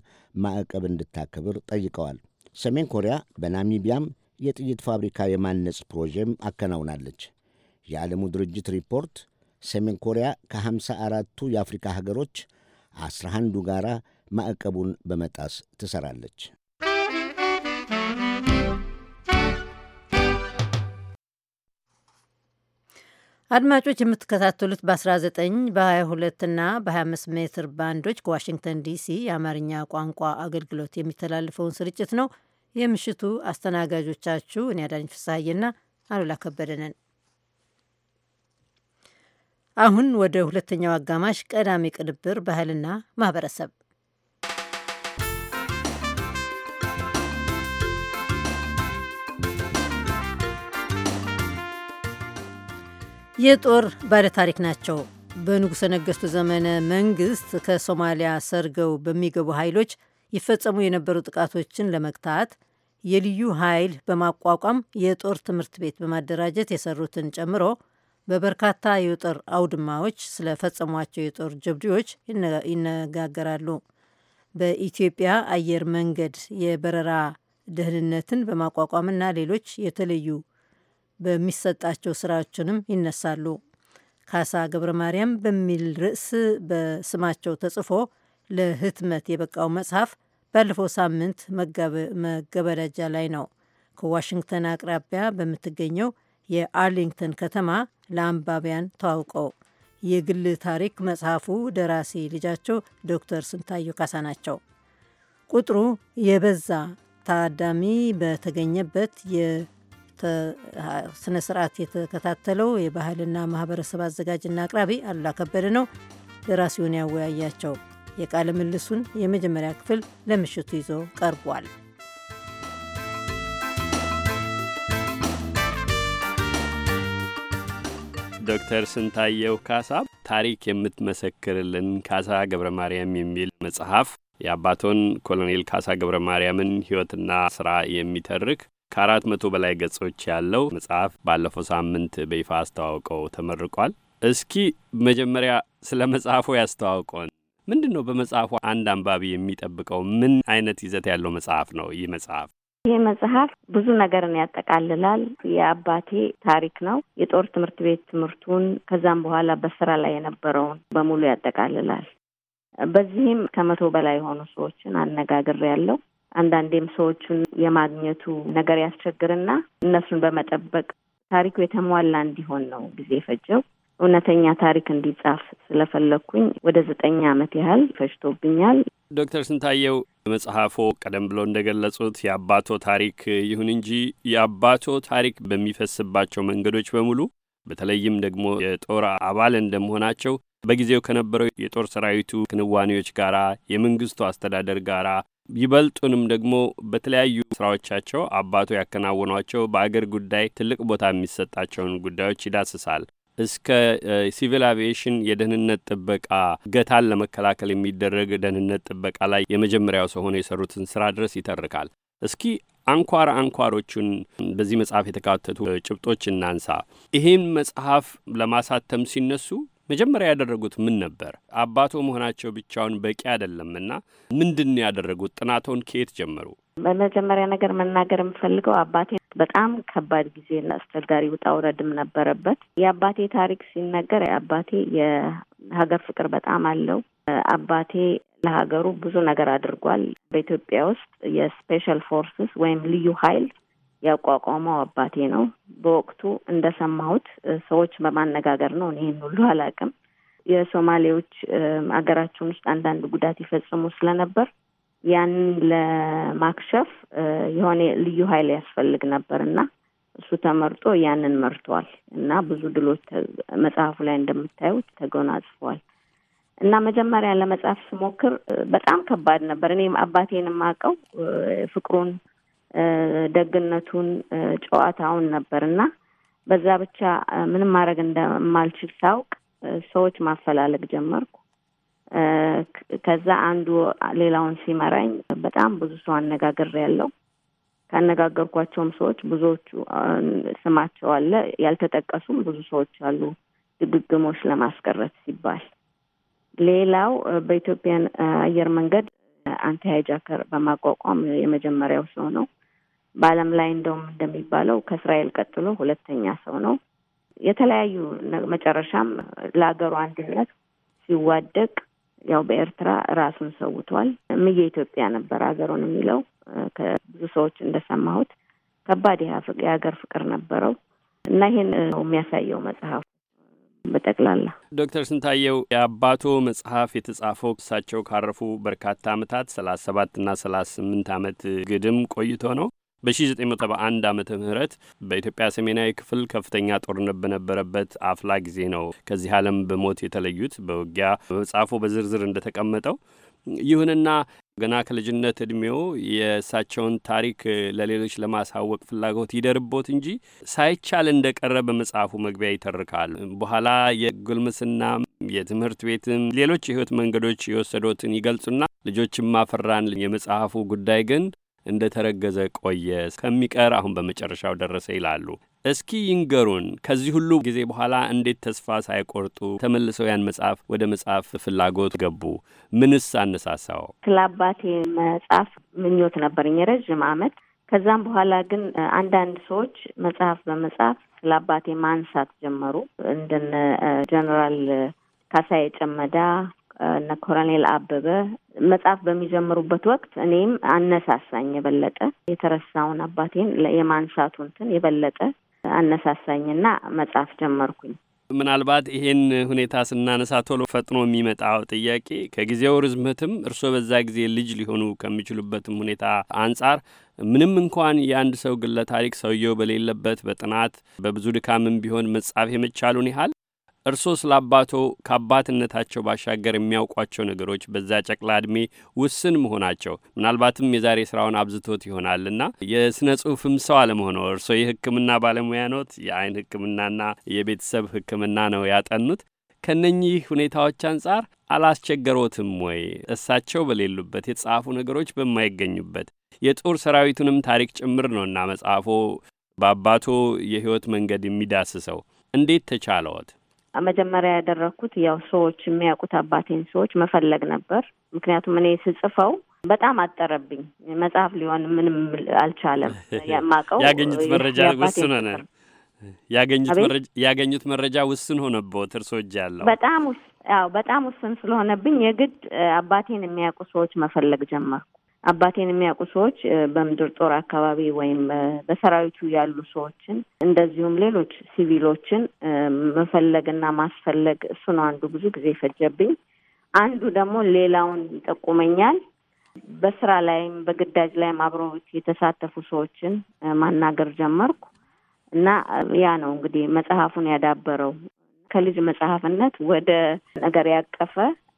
ማዕቀብ እንድታከብር ጠይቀዋል። ሰሜን ኮሪያ በናሚቢያም የጥይት ፋብሪካ የማነጽ ፕሮጀም አከናውናለች። የዓለሙ ድርጅት ሪፖርት ሰሜን ኮሪያ ከ 54 የአፍሪካ ሀገሮች 11ዱ ጋር ማዕቀቡን በመጣስ ትሠራለች። አድማጮች የምትከታተሉት በ19 በ22 እና በ25 ሜትር ባንዶች ከዋሽንግተን ዲሲ የአማርኛ ቋንቋ አገልግሎት የሚተላለፈውን ስርጭት ነው። የምሽቱ አስተናጋጆቻችሁ እኔ አዳኝ ፍስሐዬና አሉላ ከበደ ነን። አሁን ወደ ሁለተኛው አጋማሽ፣ ቀዳሚ ቅንብር ባህልና ማህበረሰብ የጦር ባለታሪክ ናቸው። በንጉሠ ነገሥቱ ዘመነ መንግስት ከሶማሊያ ሰርገው በሚገቡ ኃይሎች ይፈጸሙ የነበሩ ጥቃቶችን ለመግታት የልዩ ኃይል በማቋቋም የጦር ትምህርት ቤት በማደራጀት የሰሩትን ጨምሮ በበርካታ የጦር አውድማዎች ስለፈጸሟቸው የጦር ጀብዱዎች ይነጋገራሉ። በኢትዮጵያ አየር መንገድ የበረራ ደህንነትን በማቋቋምና ሌሎች የተለዩ በሚሰጣቸው ስራዎችንም ይነሳሉ። ካሳ ገብረ ማርያም በሚል ርዕስ በስማቸው ተጽፎ ለህትመት የበቃው መጽሐፍ ባለፈው ሳምንት መገበዳጃ ላይ ነው ከዋሽንግተን አቅራቢያ በምትገኘው የአርሊንግተን ከተማ ለአንባቢያን ተዋውቀው የግል ታሪክ መጽሐፉ ደራሲ ልጃቸው ዶክተር ስንታዩ ካሳ ናቸው። ቁጥሩ የበዛ ታዳሚ በተገኘበት የስነ ስርዓት የተከታተለው የባህልና ማህበረሰብ አዘጋጅና አቅራቢ አሉላ ከበደ ነው ደራሲውን ያወያያቸው። የቃለ ምልሱን የመጀመሪያ ክፍል ለምሽቱ ይዞ ቀርቧል። ዶክተር ስንታየው ካሳ ታሪክ የምትመሰክርልን ካሳ ገብረ ማርያም የሚል መጽሐፍ የአባቶን ኮሎኔል ካሳ ገብረ ማርያምን ሕይወትና ስራ የሚተርክ ከአራት መቶ በላይ ገጾች ያለው መጽሐፍ ባለፈው ሳምንት በይፋ አስተዋውቀው ተመርቋል። እስኪ መጀመሪያ ስለ መጽሐፉ ያስተዋውቀውን ምንድን ነው በመጽሐፉ አንድ አንባቢ የሚጠብቀው? ምን አይነት ይዘት ያለው መጽሐፍ ነው ይህ መጽሐፍ? ይህ መጽሐፍ ብዙ ነገርን ያጠቃልላል። የአባቴ ታሪክ ነው። የጦር ትምህርት ቤት ትምህርቱን ከዛም በኋላ በስራ ላይ የነበረውን በሙሉ ያጠቃልላል። በዚህም ከመቶ በላይ የሆኑ ሰዎችን አነጋግር ያለው አንዳንዴም ሰዎቹን የማግኘቱ ነገር ያስቸግርና እነሱን በመጠበቅ ታሪኩ የተሟላ እንዲሆን ነው ጊዜ ፈጀው። እውነተኛ ታሪክ እንዲጻፍ ስለፈለግኩኝ ወደ ዘጠኝ ዓመት ያህል ፈጅቶብኛል። ዶክተር ስንታየው መጽሐፎ ቀደም ብሎ እንደገለጹት የአባቶ ታሪክ ይሁን እንጂ የአባቶ ታሪክ በሚፈስባቸው መንገዶች በሙሉ በተለይም ደግሞ የጦር አባል እንደመሆናቸው በጊዜው ከነበረው የጦር ሰራዊቱ ክንዋኔዎች ጋራ የመንግስቱ አስተዳደር ጋራ ይበልጡንም ደግሞ በተለያዩ ስራዎቻቸው አባቶ ያከናወኗቸው በአገር ጉዳይ ትልቅ ቦታ የሚሰጣቸውን ጉዳዮች ይዳስሳል። እስከ ሲቪል አቪዬሽን የደህንነት ጥበቃ ገታን ለመከላከል የሚደረግ ደህንነት ጥበቃ ላይ የመጀመሪያው ሰው ሆነው የሰሩትን ስራ ድረስ ይተርካል። እስኪ አንኳር አንኳሮቹን በዚህ መጽሐፍ የተካተቱ ጭብጦች እናንሳ። ይህን መጽሐፍ ለማሳተም ሲነሱ መጀመሪያ ያደረጉት ምን ነበር? አባቶ መሆናቸው ብቻውን በቂ አይደለምና ምንድን ያደረጉት? ጥናቶን ከየት ጀመሩ? በመጀመሪያ ነገር መናገር የምፈልገው አባቴ በጣም ከባድ ጊዜና አስቸጋሪ ውጣ ውረድም ነበረበት። የአባቴ ታሪክ ሲነገር አባቴ የሀገር ፍቅር በጣም አለው። አባቴ ለሀገሩ ብዙ ነገር አድርጓል። በኢትዮጵያ ውስጥ የስፔሻል ፎርስስ ወይም ልዩ ኃይል ያቋቋመው አባቴ ነው። በወቅቱ እንደሰማሁት ሰዎች በማነጋገር ነው፣ እኔን ሁሉ አላውቅም። የሶማሌዎች ሀገራችን ውስጥ አንዳንድ ጉዳት ይፈጽሙ ስለነበር ያንን ለማክሸፍ የሆነ ልዩ ኃይል ያስፈልግ ነበር እና እሱ ተመርጦ ያንን መርቷል እና ብዙ ድሎች መጽሐፉ ላይ እንደምታዩት ተጎናጽፏል። እና መጀመሪያ ለመጽሐፍ ስሞክር በጣም ከባድ ነበር። እኔም አባቴን የማውቀው ፍቅሩን፣ ደግነቱን፣ ጨዋታውን ነበር እና በዛ ብቻ ምንም ማድረግ እንደማልችል ሳውቅ ሰዎች ማፈላለግ ጀመርኩ። ከዛ አንዱ ሌላውን ሲመራኝ በጣም ብዙ ሰው አነጋግር ያለው ካነጋገርኳቸውም ሰዎች ብዙዎቹ ስማቸው አለ። ያልተጠቀሱም ብዙ ሰዎች አሉ ድግግሞች ለማስቀረት ሲባል። ሌላው በኢትዮጵያን አየር መንገድ አንቲ ሃይጃከር በማቋቋም የመጀመሪያው ሰው ነው። በአለም ላይ እንደውም እንደሚባለው ከእስራኤል ቀጥሎ ሁለተኛ ሰው ነው። የተለያዩ መጨረሻም ለሀገሩ አንድነት ሲዋደቅ ያው በኤርትራ ራሱን ሰውቷል። ምየ ኢትዮጵያ ነበር ሀገሩን የሚለው ከብዙ ሰዎች እንደሰማሁት ከባድ የሀገር ፍቅር ነበረው እና ይሄን ነው የሚያሳየው መጽሐፍ በጠቅላላ። ዶክተር ስንታየው የአባቶ መጽሐፍ የተጻፈው እሳቸው ካረፉ በርካታ አመታት ሰላሳ ሰባት ና ሰላሳ ስምንት አመት ግድም ቆይቶ ነው። በ1971 ዓመተ ምህረት በኢትዮጵያ ሰሜናዊ ክፍል ከፍተኛ ጦርነት በነበረበት አፍላ ጊዜ ነው ከዚህ ዓለም በሞት የተለዩት በውጊያ በመጽሐፎ በዝርዝር እንደተቀመጠው። ይሁንና ገና ከልጅነት እድሜው የእሳቸውን ታሪክ ለሌሎች ለማሳወቅ ፍላጎት ይደርቦት እንጂ ሳይቻል እንደቀረ በመጽሐፉ መግቢያ ይተርካል። በኋላ የጉልምስና የትምህርት ቤትም ሌሎች የህይወት መንገዶች የወሰዶትን ይገልጹና ልጆችን ማፈራን የመጽሐፉ ጉዳይ ግን እንደ ተረገዘ ቆየ እስከሚቀር አሁን በመጨረሻው ደረሰ ይላሉ። እስኪ ይንገሩን፣ ከዚህ ሁሉ ጊዜ በኋላ እንዴት ተስፋ ሳይቆርጡ ተመልሰው ያን መጽሐፍ ወደ መጽሐፍ ፍላጎት ገቡ? ምንስ አነሳሳው? ስለ አባቴ መጽሐፍ ምኞት ነበረኝ ረዥም ዓመት። ከዛም በኋላ ግን አንዳንድ ሰዎች መጽሐፍ በመጽሐፍ ስለ አባቴ ማንሳት ጀመሩ። እንደነ ጀነራል ካሳዬ ጨመዳ እነ ኮሎኔል አበበ መጽሐፍ በሚጀምሩበት ወቅት እኔም አነሳሳኝ የበለጠ የተረሳውን አባቴን የማንሳቱንትን የበለጠ አነሳሳኝና መጽሐፍ ጀመርኩኝ። ምናልባት ይሄን ሁኔታ ስናነሳ ቶሎ ፈጥኖ የሚመጣው ጥያቄ ከጊዜው ርዝመትም እርስዎ በዛ ጊዜ ልጅ ሊሆኑ ከሚችሉበትም ሁኔታ አንጻር ምንም እንኳን የአንድ ሰው ግለ ታሪክ ሰውየው በሌለበት በጥናት በብዙ ድካምም ቢሆን መጻፍ የመቻሉን ያህል እርስዎ ስለ አባቶ ከአባትነታቸው ባሻገር የሚያውቋቸው ነገሮች በዛ ጨቅላ ዕድሜ ውስን መሆናቸው ምናልባትም የዛሬ ስራውን አብዝቶት ይሆናልና የስነ ጽሁፍም ሰው አለመሆነው እርስዎ የሕክምና ባለሙያ ኖት። የአይን ሕክምናና የቤተሰብ ሕክምና ነው ያጠኑት። ከነኚህ ሁኔታዎች አንጻር አላስቸገሮትም ወይ? እሳቸው በሌሉበት የተጻፉ ነገሮች በማይገኙበት የጦር ሰራዊቱንም ታሪክ ጭምር ነውና መጽሐፎ በአባቶ የህይወት መንገድ የሚዳስሰው እንዴት ተቻለዎት? መጀመሪያ ያደረግኩት ያው ሰዎች የሚያውቁት አባቴን ሰዎች መፈለግ ነበር። ምክንያቱም እኔ ስጽፈው በጣም አጠረብኝ። መጽሐፍ ሊሆን ምንም አልቻለም። <laughs> የማውቀው ያገኙት መረጃ ውስን ሆነ ያገኙት መረጃ ውስን ሆነቦት እርሶ እጅ ያለው በጣም ውስ በጣም ውስን ስለሆነብኝ የግድ አባቴን የሚያውቁ ሰዎች መፈለግ ጀመርኩ። አባቴን የሚያውቁ ሰዎች በምድር ጦር አካባቢ ወይም በሰራዊቱ ያሉ ሰዎችን እንደዚሁም ሌሎች ሲቪሎችን መፈለግና ማስፈለግ እሱ ነው አንዱ ብዙ ጊዜ ፈጀብኝ። አንዱ ደግሞ ሌላውን ይጠቁመኛል። በስራ ላይም በግዳጅ ላይም አብረው የተሳተፉ ሰዎችን ማናገር ጀመርኩ እና ያ ነው እንግዲህ መጽሐፉን ያዳበረው ከልጅ መጽሐፍነት ወደ ነገር ያቀፈ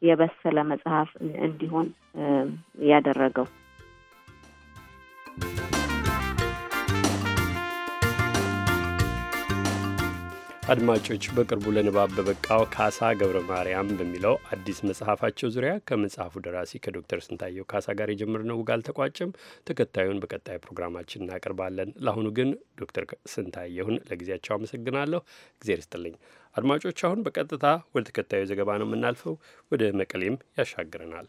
የበሰለ መጽሐፍ እንዲሆን ያደረገው። አድማጮች በቅርቡ ለንባብ በበቃው ካሳ ገብረ ማርያም በሚለው አዲስ መጽሐፋቸው ዙሪያ ከመጽሐፉ ደራሲ ከዶክተር ስንታየው ካሳ ጋር የጀመርነው ውግ አልተቋጨም። ተከታዩን በቀጣይ ፕሮግራማችን እናቀርባለን። ለአሁኑ ግን ዶክተር ስንታየሁን ለጊዜያቸው አመሰግናለሁ። እግዜር ይስጥልኝ። አድማጮች አሁን በቀጥታ ወደ ተከታዩ ዘገባ ነው የምናልፈው። ወደ መቀሌም ያሻግረናል።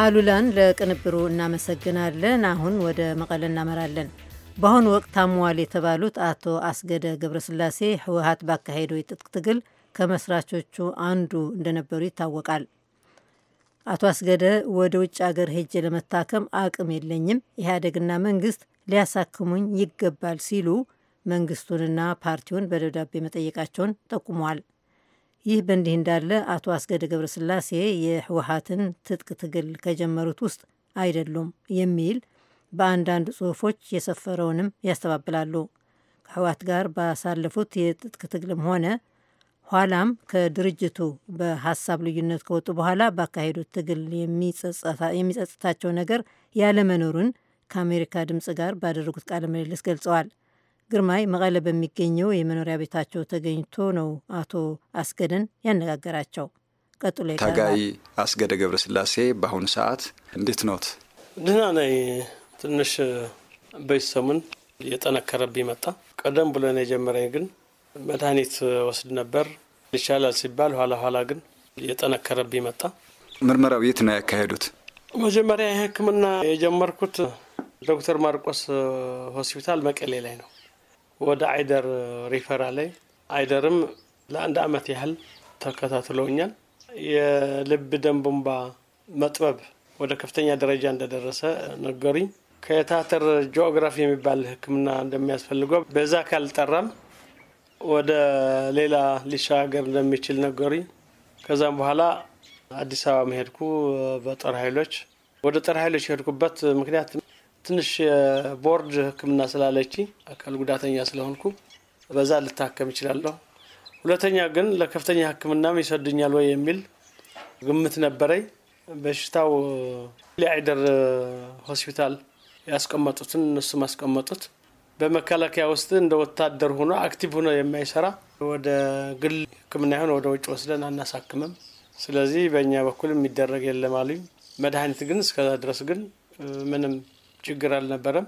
አሉላን ለቅንብሩ እናመሰግናለን። አሁን ወደ መቀለ እናመራለን። በአሁኑ ወቅት ታሟል የተባሉት አቶ አስገደ ገብረስላሴ ህወሀት ባካሄደው የትጥቅ ትግል ከመስራቾቹ አንዱ እንደነበሩ ይታወቃል። አቶ አስገደ ወደ ውጭ አገር ሄጄ ለመታከም አቅም የለኝም፣ ኢህአዴግና መንግስት ሊያሳክሙኝ ይገባል ሲሉ መንግስቱንና ፓርቲውን በደብዳቤ መጠየቃቸውን ጠቁመዋል። ይህ በእንዲህ እንዳለ አቶ አስገደ ገብረስላሴ የህወሀትን ትጥቅ ትግል ከጀመሩት ውስጥ አይደሉም የሚል በአንዳንድ ጽሁፎች የሰፈረውንም ያስተባብላሉ። ከህወሀት ጋር ባሳለፉት የትጥቅ ትግልም ሆነ ኋላም ከድርጅቱ በሀሳብ ልዩነት ከወጡ በኋላ ባካሄዱት ትግል የሚጸጽታቸው ነገር ያለመኖሩን ከአሜሪካ ድምፅ ጋር ባደረጉት ቃለ ምልልስ ገልጸዋል። ግርማይ መቀለ በሚገኘው የመኖሪያ ቤታቸው ተገኝቶ ነው አቶ አስገደን ያነጋገራቸው። ቀጥሎ ታጋይ አስገደ ገብረስላሴ በአሁኑ ሰዓት እንዴት ኖት? ድና ነኝ። ትንሽ በይ ሰሙን እየጠነከረብኝ መጣ። ቀደም ብለን የጀመረኝ፣ ግን መድኃኒት ወስድ ነበር ይሻላል ሲባል ኋላ ኋላ ግን እየጠነከረብኝ መጣ። ምርመራው የት ነው ያካሄዱት? መጀመሪያ የሕክምና የጀመርኩት ዶክተር ማርቆስ ሆስፒታል መቀሌ ላይ ነው። ወደ አይደር ሪፈራ ላይ አይደርም ለአንድ አመት ያህል ተከታትለውኛል። የልብ ደም ቧንቧ መጥበብ ወደ ከፍተኛ ደረጃ እንደደረሰ ነገሩኝ። ከታተር ጂኦግራፊ የሚባል ሕክምና እንደሚያስፈልገው በዛ ካልጠራም ወደ ሌላ ሊሻገር እንደሚችል ነገሩኝ። ከዛም በኋላ አዲስ አበባ መሄድኩ በጦር ኃይሎች ወደ ጦር ኃይሎች የሄድኩበት ምክንያት ትንሽ የቦርድ ህክምና ስላለች አካል ጉዳተኛ ስለሆንኩ በዛ ልታከም ይችላለሁ። ሁለተኛ ግን ለከፍተኛ ህክምናም ይሰዱኛል ወይ የሚል ግምት ነበረኝ። በሽታው ሊአይደር ሆስፒታል ያስቀመጡትን እነሱ ማስቀመጡት በመከላከያ ውስጥ እንደ ወታደር ሆኖ አክቲቭ ሆኖ የማይሰራ ወደ ግል ህክምና ይሆን ወደ ውጭ ወስደን አናሳክምም። ስለዚህ በእኛ በኩል የሚደረግ የለም አሉኝ። መድኃኒት ግን እስከዛ ድረስ ግን ምንም ችግር አልነበረም።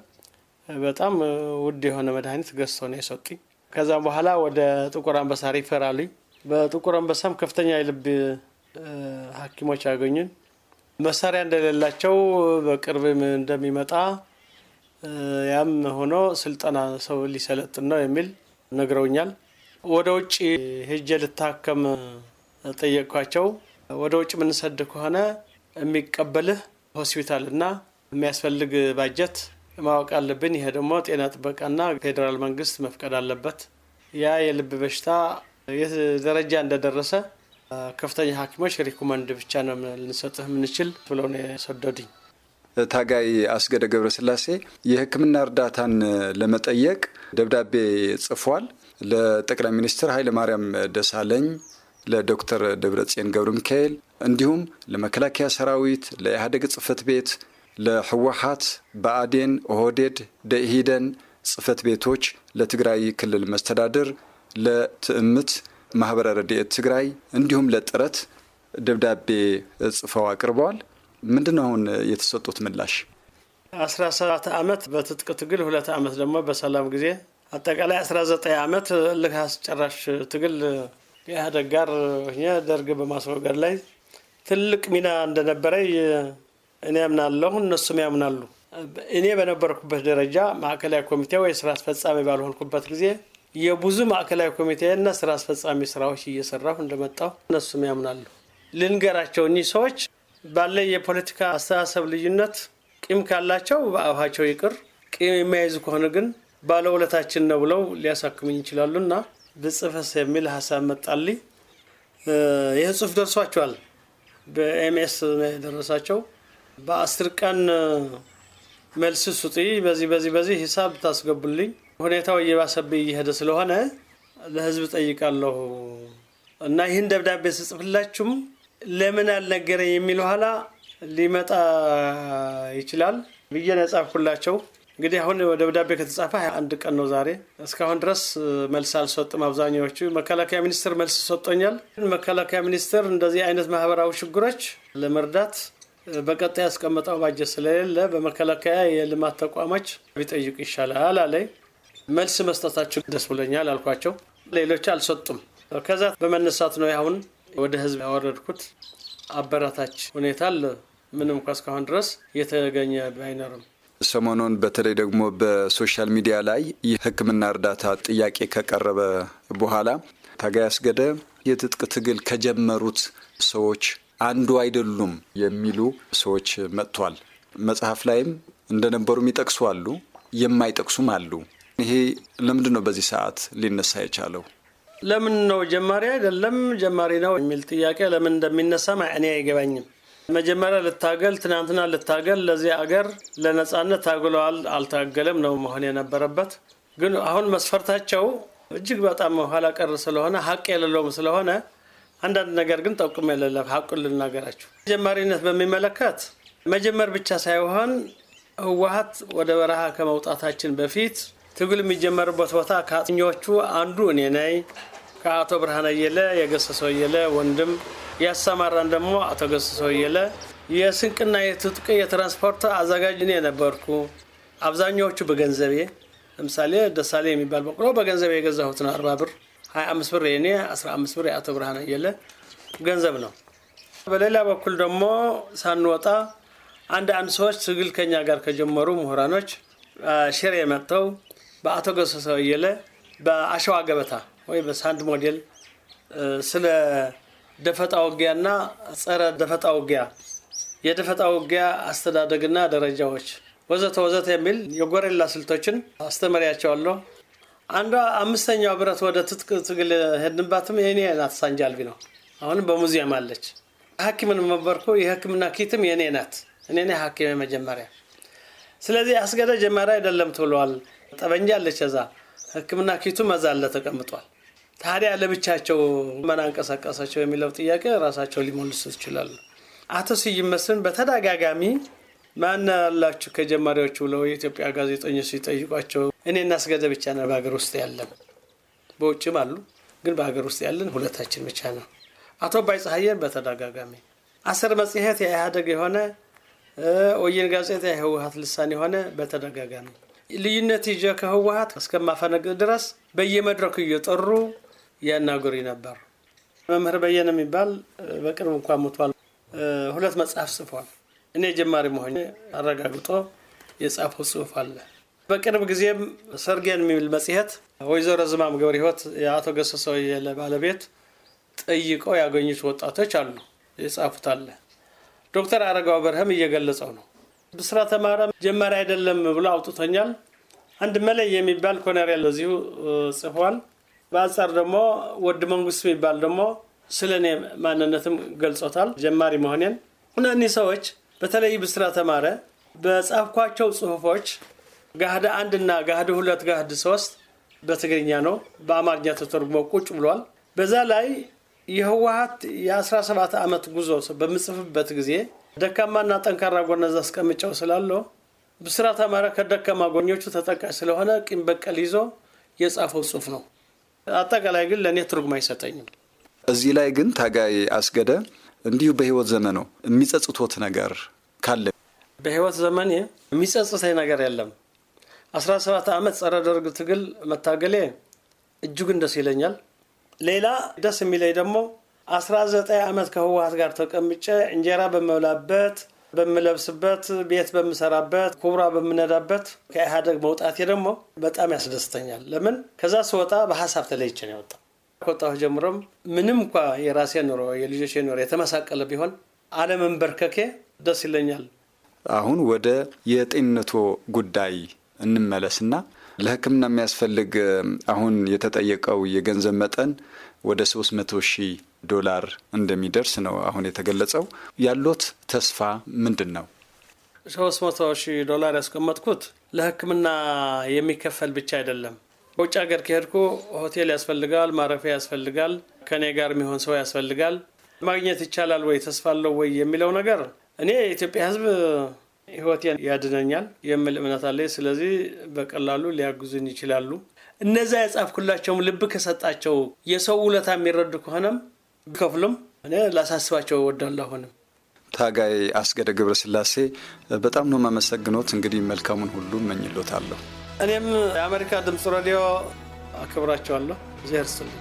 በጣም ውድ የሆነ መድኃኒት ገዝቶ ነው የሰጡኝ። ከዛም በኋላ ወደ ጥቁር አንበሳ ሪፈር አሉኝ። በጥቁር አንበሳም ከፍተኛ የልብ ሐኪሞች አገኙን። መሳሪያ እንደሌላቸው በቅርብ እንደሚመጣ ያም ሆኖ ስልጠና ሰው ሊሰለጥን ነው የሚል ነግረውኛል። ወደ ውጭ ህጀ ልታከም ጠየቅኳቸው። ወደ ውጭ የምንሰድ ከሆነ የሚቀበልህ ሆስፒታል እና የሚያስፈልግ ባጀት ማወቅ አለብን። ይሄ ደግሞ ጤና ጥበቃና ፌዴራል መንግስት መፍቀድ አለበት። ያ የልብ በሽታ የት ደረጃ እንደደረሰ ከፍተኛ ሐኪሞች ሪኮመንድ ብቻ ነው ልንሰጥህ የምንችል ብለው ነው የሰደዱኝ። ታጋይ አስገደ ገብረስላሴ የሕክምና እርዳታን ለመጠየቅ ደብዳቤ ጽፏል። ለጠቅላይ ሚኒስትር ኃይለ ማርያም ደሳለኝ፣ ለዶክተር ደብረጽዮን ገብረ ሚካኤል እንዲሁም ለመከላከያ ሰራዊት፣ ለኢህአዴግ ጽህፈት ቤት ለህወሓት፣ በአዴን ኦህዴድ፣ ደኢህዴን ጽህፈት ቤቶች፣ ለትግራይ ክልል መስተዳድር፣ ለትዕምት ማህበረ ረድኤት ትግራይ እንዲሁም ለጥረት ደብዳቤ ጽፈው አቅርበዋል። ምንድን ነው አሁን የተሰጡት ምላሽ? አስራ ሰባት ዓመት በትጥቅ ትግል ሁለት ዓመት ደግሞ በሰላም ጊዜ አጠቃላይ 19 ዓመት እልህ አስጨራሽ ትግል ከኢህአዴግ ጋር ደርግ በማስወገድ ላይ ትልቅ ሚና እንደነበረ እኔ ያምናለሁ፣ እነሱም ያምናሉ። እኔ በነበርኩበት ደረጃ ማዕከላዊ ኮሚቴ ወይ ስራ አስፈጻሚ ባልሆንኩበት ጊዜ የብዙ ማዕከላዊ ኮሚቴና ስራ አስፈጻሚ ስራዎች እየሰራሁ እንደመጣሁ እነሱም ያምናሉ። ልንገራቸው፣ እኚህ ሰዎች ባለ የፖለቲካ አስተሳሰብ ልዩነት ቂም ካላቸው በአፋቸው ይቅር፣ ቂም የሚያይዙ ከሆነ ግን ባለውለታችን ነው ብለው ሊያሳክሙኝ ይችላሉና ብጽፈስ የሚል ሀሳብ መጣልኝ። ይህ ጽሁፍ ደርሷቸዋል። በኤምኤስ ደረሳቸው። በአስር ቀን መልስ ሱጢ በዚህ በዚህ በዚህ ሂሳብ ታስገቡልኝ፣ ሁኔታው እየባሰብኝ እየሄደ ስለሆነ ለህዝብ ጠይቃለሁ እና ይህን ደብዳቤ ስጽፍላችሁም ለምን አልነገረኝ የሚል ኋላ ሊመጣ ይችላል ብዬ ነው የጻፍኩላቸው። እንግዲህ አሁን ደብዳቤ ከተጻፈ አንድ ቀን ነው ዛሬ። እስካሁን ድረስ መልስ አልሰጥም። አብዛኛዎቹ መከላከያ ሚኒስቴር መልስ ሰጥቶኛል። መከላከያ ሚኒስቴር እንደዚህ አይነት ማህበራዊ ችግሮች ለመርዳት በቀጣይ ያስቀመጠው ባጀት ስለሌለ በመከላከያ የልማት ተቋማች ቢጠይቅ ይሻላል አለኝ። መልስ መስጠታቸው ደስ ብሎኛል አልኳቸው። ሌሎች አልሰጡም። ከዛ በመነሳት ነው ያሁን ወደ ህዝብ ያወረድኩት። አበራታች ሁኔታ አለ። ምንም እንኳ እስካሁን ድረስ እየተገኘ አይኖርም። ሰሞኑን በተለይ ደግሞ በሶሻል ሚዲያ ላይ የሕክምና እርዳታ ጥያቄ ከቀረበ በኋላ ታጋይ አስገደ የትጥቅ ትግል ከጀመሩት ሰዎች አንዱ አይደሉም የሚሉ ሰዎች መጥቷል። መጽሐፍ ላይም እንደነበሩ የሚጠቅሱ አሉ፣ የማይጠቅሱም አሉ። ይሄ ለምንድን ነው በዚህ ሰዓት ሊነሳ የቻለው? ለምን ነው ጀማሪ አይደለም ጀማሪ ነው የሚል ጥያቄ ለምን እንደሚነሳ እኔ አይገባኝም። መጀመሪያ ልታገል ትናንትና ልታገል ለዚህ አገር ለነጻነት ታግለዋል አልታገለም ነው መሆን የነበረበት። ግን አሁን መስፈርታቸው እጅግ በጣም ኋላ ቀር ስለሆነ ሀቅ የሌለውም ስለሆነ አንዳንድ ነገር ግን ጠቁም ያለለ ሀቁን ልናገራችሁ። ተጀማሪነት በሚመለከት መጀመር ብቻ ሳይሆን ህወሀት ወደ በረሃ ከመውጣታችን በፊት ትግል የሚጀመርበት ቦታ ከአጥኞቹ አንዱ እኔ ነኝ። ከአቶ ብርሃን የለ የገሰሰው የለ ወንድም ያሰማራን ደግሞ አቶ ገሰሰው የለ የስንቅና የትጥቅ የትራንስፖርት አዘጋጅ እኔ ነበርኩ። አብዛኛዎቹ በገንዘቤ ለምሳሌ ደሳሌ የሚባል በቅሎ በገንዘቤ የገዛሁትን አርባ ብር ሀያ አምስት ብር የኔ አስራ አምስት ብር የአቶ ብርሃን አየለ ገንዘብ ነው። በሌላ በኩል ደግሞ ሳንወጣ አንድ አንድ ሰዎች ትግል ከኛ ጋር ከጀመሩ ምሁራኖች ሽሬ መጥተው በአቶ ገሰሰ አየለ በአሸዋ ገበታ ወይ በሳንድ ሞዴል ስለ ደፈጣ ውጊያና ጸረ ደፈጣ ውጊያ የደፈጣ ውጊያ አስተዳደግና ደረጃዎች ወዘተ ወዘተ የሚል የጎሬላ ስልቶችን አስተምሬያቸዋለሁ። አንዷ አምስተኛው ብረት ወደ ትጥቅ ትግል ሄድንባትም የኔ ናት ሳንጃልቢ ነው። አሁንም በሙዚየም አለች። ሐኪምን ነበርኩ። የህክምና ኪትም የኔ ናት። እኔ ሐኪም መጀመሪያ። ስለዚህ አስገደ ጀመሪያ አይደለም ትብለዋል። ጠበንጃ አለች እዛ። ህክምና ኪቱ እዛ አለ ተቀምጧል። ታዲያ ለብቻቸው መና አንቀሳቀሳቸው የሚለው ጥያቄ ራሳቸው ሊመልሱ ይችላሉ። አቶ ስዩም መስፍን በተደጋጋሚ ማን አላችሁ ከጀማሪዎቹ ብለው የኢትዮጵያ ጋዜጠኞች ሲጠይቋቸው እኔ እናስገደ ብቻ ነ በሀገር ውስጥ ያለን፣ በውጭም አሉ፣ ግን በሀገር ውስጥ ያለን ሁለታችን ብቻ ነው። አቶ ባይ ፀሐየን በተደጋጋሚ አስር መጽሔት የኢህአደግ የሆነ ወይን ጋዜጣ የህወሀት ልሳን የሆነ በተደጋጋሚ ልዩነት ይዤ ከህወሀት እስከማፈነግ ድረስ በየመድረኩ እየጠሩ ያናገሩኝ ነበር። መምህር በየነ የሚባል በቅርብ እንኳ ሙቷል ሁለት መጽሐፍ ጽፏል። እኔ ጀማሪ መሆኔ አረጋግጦ የጻፈው ጽሁፍ አለ። በቅርብ ጊዜም ሰርጌን የሚል መጽሔት ወይዘሮ ዝማም ገብረ ህይወት የአቶ ገሰሰው ባለቤት ጠይቀው ያገኙት ወጣቶች አሉ የጻፉት አለ። ዶክተር አረጋው በርህም እየገለጸው ነው። ብስራተ ማርያም ጀማሪ አይደለም ብሎ አውጥቶኛል። አንድ መለይ የሚባል ኮነሪያል እዚሁ ጽፏል። በአንጻር ደግሞ ወድ መንግስት የሚባል ደግሞ ስለ እኔ ማንነትም ገልጾታል ጀማሪ መሆኔን እና እኒህ ሰዎች በተለይ ብስራ ተማረ በጻፍኳቸው ጽሁፎች ጋህደ አንድና ጋህደ ሁለት ጋህደ ሶስት በትግርኛ ነው፣ በአማርኛ ተተርጉሞ ቁጭ ብሏል። በዛ ላይ የህወሀት የ17 ዓመት ጉዞ በምጽፍበት ጊዜ ደካማና ጠንካራ ጎነዝ አስቀምጨው ስላለው ብስራ ተማረ ከደካማ ጎኞቹ ተጠቃሽ ስለሆነ ቂም በቀል ይዞ የጻፈው ጽሁፍ ነው። አጠቃላይ ግን ለእኔ ትርጉም አይሰጠኝም። እዚህ ላይ ግን ታጋይ አስገደ እንዲሁ በህይወት ዘመኖ የሚጸጽቶት ነገር ካለ? በህይወት ዘመን የሚጸጽተኝ ነገር የለም። አስራ ሰባት ዓመት ጸረ ደርግ ትግል መታገሌ እጅጉን ደስ ይለኛል። ሌላ ደስ የሚለኝ ደግሞ አስራ ዘጠኝ ዓመት ከህወሀት ጋር ተቀምጬ እንጀራ በመብላበት በምለብስበት ቤት በምሰራበት ኩብራ በምነዳበት ከኢህአደግ መውጣቴ ደግሞ በጣም ያስደስተኛል። ለምን ከዛ ስወጣ በሀሳብ ተለይቼ ነው የወጣው። ከወጣሁ ጀምሮም ምንም እንኳ የራሴ ኑሮ የልጆች ኑሮ የተመሳቀለ ቢሆን አለመንበርከኬ ደስ ይለኛል። አሁን ወደ የጤንነቶ ጉዳይ እንመለስና ለሕክምና የሚያስፈልግ አሁን የተጠየቀው የገንዘብ መጠን ወደ 300 ሺህ ዶላር እንደሚደርስ ነው አሁን የተገለጸው። ያሎት ተስፋ ምንድን ነው? 300 ሺህ ዶላር ያስቀመጥኩት ለሕክምና የሚከፈል ብቻ አይደለም ውጭ ሀገር ከሄድኩ ሆቴል ያስፈልጋል፣ ማረፊያ ያስፈልጋል፣ ከኔ ጋር የሚሆን ሰው ያስፈልጋል። ማግኘት ይቻላል ወይ ተስፋ አለው ወይ የሚለው ነገር እኔ የኢትዮጵያ ሕዝብ ህይወቴን ያድነኛል የሚል እምነት አለ። ስለዚህ በቀላሉ ሊያግዙኝ ይችላሉ። እነዛ የጻፍኩላቸውም ልብ ከሰጣቸው የሰው ውለታ የሚረዱ ከሆነም ቢከፍሉም እኔ ላሳስባቸው እወዳለሁ። አሁንም ታጋይ አስገደ ገብረስላሴ በጣም ነው የማመሰግኖት። እንግዲህ መልካሙን ሁሉ እመኝሎታለሁ። እኔም የአሜሪካ ድምፅ ሬዲዮ አክብራቸዋለሁ። እግዚአብሔር ይስጥልኝ።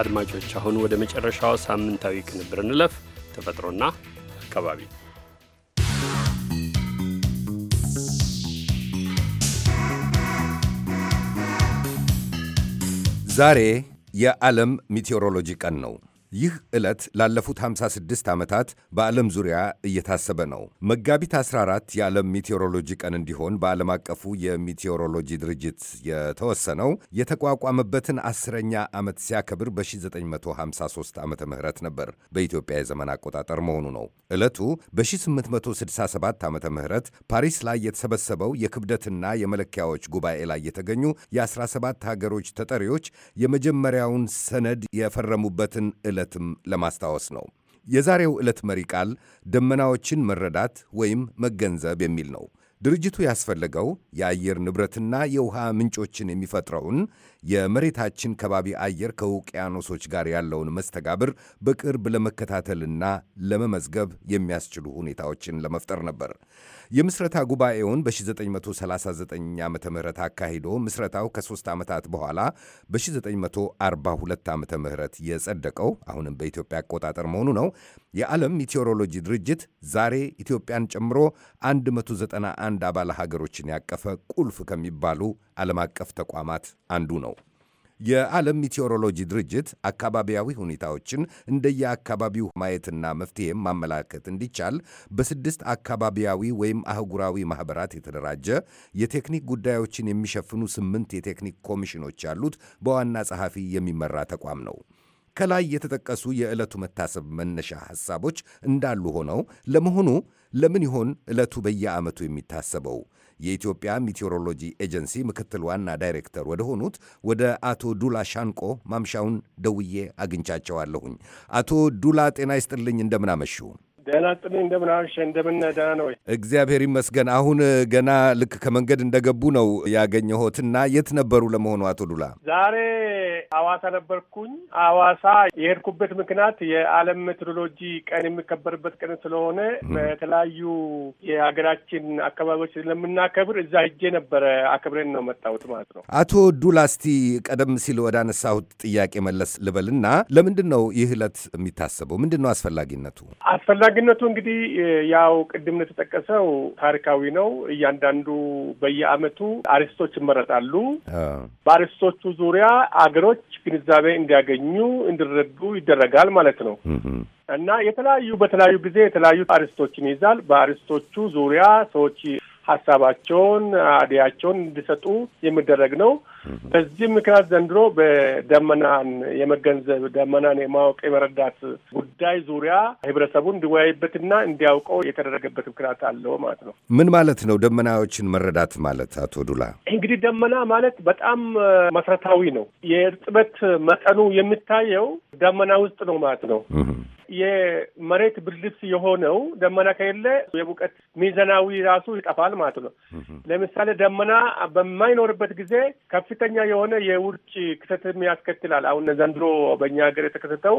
አድማጮች፣ አሁን ወደ መጨረሻው ሳምንታዊ ቅንብር እንለፍ። ተፈጥሮና አካባቢ ዛሬ የዓለም ሚቴዎሮሎጂ ቀን ነው። ይህ ዕለት ላለፉት 56 ዓመታት በዓለም ዙሪያ እየታሰበ ነው። መጋቢት 14 የዓለም ሚቴዎሮሎጂ ቀን እንዲሆን በዓለም አቀፉ የሚቴዎሮሎጂ ድርጅት የተወሰነው የተቋቋመበትን አስረኛ ዓመት ሲያከብር በ1953 ዓመተ ምህረት ነበር። በኢትዮጵያ የዘመን አቆጣጠር መሆኑ ነው። ዕለቱ በ1867 ዓመተ ምህረት ፓሪስ ላይ የተሰበሰበው የክብደትና የመለኪያዎች ጉባኤ ላይ የተገኙ የ17 ሀገሮች ተጠሪዎች የመጀመሪያውን ሰነድ የፈረሙበትን ዕለት ዕለትም ለማስታወስ ነው። የዛሬው ዕለት መሪ ቃል ደመናዎችን መረዳት ወይም መገንዘብ የሚል ነው። ድርጅቱ ያስፈለገው የአየር ንብረትና የውሃ ምንጮችን የሚፈጥረውን የመሬታችን ከባቢ አየር ከውቅያኖሶች ጋር ያለውን መስተጋብር በቅርብ ለመከታተልና ለመመዝገብ የሚያስችሉ ሁኔታዎችን ለመፍጠር ነበር። የምስረታ ጉባኤውን በ1939 ዓ ም አካሂዶ ምስረታው ከሦስት ዓመታት በኋላ በ1942 ዓ ም የጸደቀው አሁንም በኢትዮጵያ አቆጣጠር መሆኑ ነው። የዓለም ሜቴዎሮሎጂ ድርጅት ዛሬ ኢትዮጵያን ጨምሮ 191 አባል ሀገሮችን ያቀፈ ቁልፍ ከሚባሉ ዓለም አቀፍ ተቋማት አንዱ ነው። የዓለም ሚቴዎሮሎጂ ድርጅት አካባቢያዊ ሁኔታዎችን እንደየአካባቢው ማየትና መፍትሄም ማመላከት እንዲቻል በስድስት አካባቢያዊ ወይም አህጉራዊ ማኅበራት የተደራጀ የቴክኒክ ጉዳዮችን የሚሸፍኑ ስምንት የቴክኒክ ኮሚሽኖች ያሉት በዋና ጸሐፊ የሚመራ ተቋም ነው። ከላይ የተጠቀሱ የዕለቱ መታሰብ መነሻ ሐሳቦች እንዳሉ ሆነው ለመሆኑ ለምን ይሆን ዕለቱ በየዓመቱ የሚታሰበው? የኢትዮጵያ ሚቴዎሮሎጂ ኤጀንሲ ምክትል ዋና ዳይሬክተር ወደ ሆኑት ወደ አቶ ዱላ ሻንቆ ማምሻውን ደውዬ አግኝቻቸዋለሁኝ። አቶ ዱላ ጤና ይስጥልኝ፣ እንደምን አመሹ? ደህና ጥልኝ እንደምን አመሸ እንደምን ደህና ነው እግዚአብሔር ይመስገን። አሁን ገና ልክ ከመንገድ እንደገቡ ነው ያገኘሁት እና የት ነበሩ ለመሆኑ አቶ ዱላ? ዛሬ አዋሳ ነበርኩኝ። አዋሳ የሄድኩበት ምክንያት የአለም ሜትሮሎጂ ቀን የሚከበርበት ቀን ስለሆነ በተለያዩ የሀገራችን አካባቢዎች ስለምናከብር እዛ ሄጄ ነበረ። አክብረን ነው መጣሁት ማለት ነው። አቶ ዱላ እስቲ ቀደም ሲል ወደ አነሳሁት ጥያቄ መለስ ልበልና ለምንድን ነው ይህ ዕለት የሚታሰበው? ምንድን ነው አስፈላጊነቱ? አስፈላጊ አስፈላጊነቱ እንግዲህ ያው ቅድም የተጠቀሰው ታሪካዊ ነው። እያንዳንዱ በየአመቱ አርዕስቶች ይመረጣሉ። በአርዕስቶቹ ዙሪያ አገሮች ግንዛቤ እንዲያገኙ እንዲረዱ ይደረጋል ማለት ነው እና የተለያዩ በተለያዩ ጊዜ የተለያዩ አርዕስቶችን ይዛል። በአርዕስቶቹ ዙሪያ ሰዎች ሀሳባቸውን አዲያቸውን እንዲሰጡ የሚደረግ ነው። በዚህ ምክንያት ዘንድሮ በደመናን የመገንዘብ ደመናን የማወቅ የመረዳት ጉዳይ ዙሪያ ህብረተሰቡ እንዲወያይበትና እንዲያውቀው የተደረገበት ምክንያት አለው ማለት ነው። ምን ማለት ነው ደመናዎችን መረዳት ማለት? አቶ ዱላ እንግዲህ ደመና ማለት በጣም መሰረታዊ ነው። የእርጥበት መጠኑ የሚታየው ደመና ውስጥ ነው ማለት ነው። የመሬት ብርድልብስ የሆነው ደመና ከሌለ የሙቀት ሚዘናዊ ራሱ ይጠፋል ማለት ነው። ለምሳሌ ደመና በማይኖርበት ጊዜ ከፍተኛ የሆነ የውርጭ ክስተትም ያስከትላል። አሁን ዘንድሮ በእኛ ሀገር የተከሰተው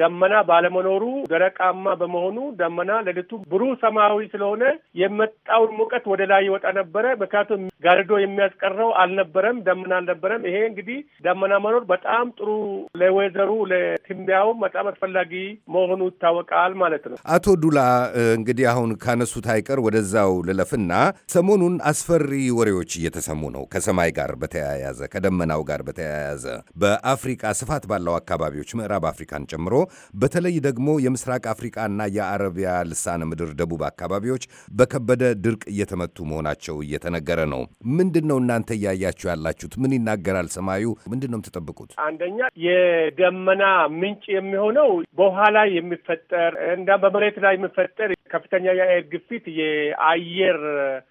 ደመና ባለመኖሩ ደረቃማ በመሆኑ ደመና ሌሊቱ ብሩህ ሰማያዊ ስለሆነ የመጣውን ሙቀት ወደ ላይ ይወጣ ነበረ። ምክንያቱም ጋርዶ የሚያስቀረው አልነበረም፣ ደመና አልነበረም። ይሄ እንግዲህ ደመና መኖር በጣም ጥሩ ለወይዘሩ ለትንቢያውም በጣም አስፈላጊ መሆኑ ይታወቃል ማለት ነው። አቶ ዱላ እንግዲህ አሁን ካነሱት አይቀር ወደዛው ልለፍና ሰሞኑን አስፈሪ ወሬዎች እየተሰሙ ነው። ከሰማይ ጋር በተያያዘ ከደመናው ጋር በተያያዘ በአፍሪቃ ስፋት ባለው አካባቢዎች ምዕራብ አፍሪካን ጨምሮ በተለይ ደግሞ የምስራቅ አፍሪቃና የአረቢያ ልሳነ ምድር ደቡብ አካባቢዎች በከበደ ድርቅ እየተመቱ መሆናቸው እየተነገረ ነው። ምንድን ነው እናንተ እያያችሁ ያላችሁት? ምን ይናገራል ሰማዩ? ምንድን ነው የምትጠብቁት? አንደኛ የደመና ምንጭ የሚሆነው በኋላ ላይ የሚፈጠር እና በመሬት ላይ የሚፈጠር ከፍተኛ የአየር ግፊት የአየር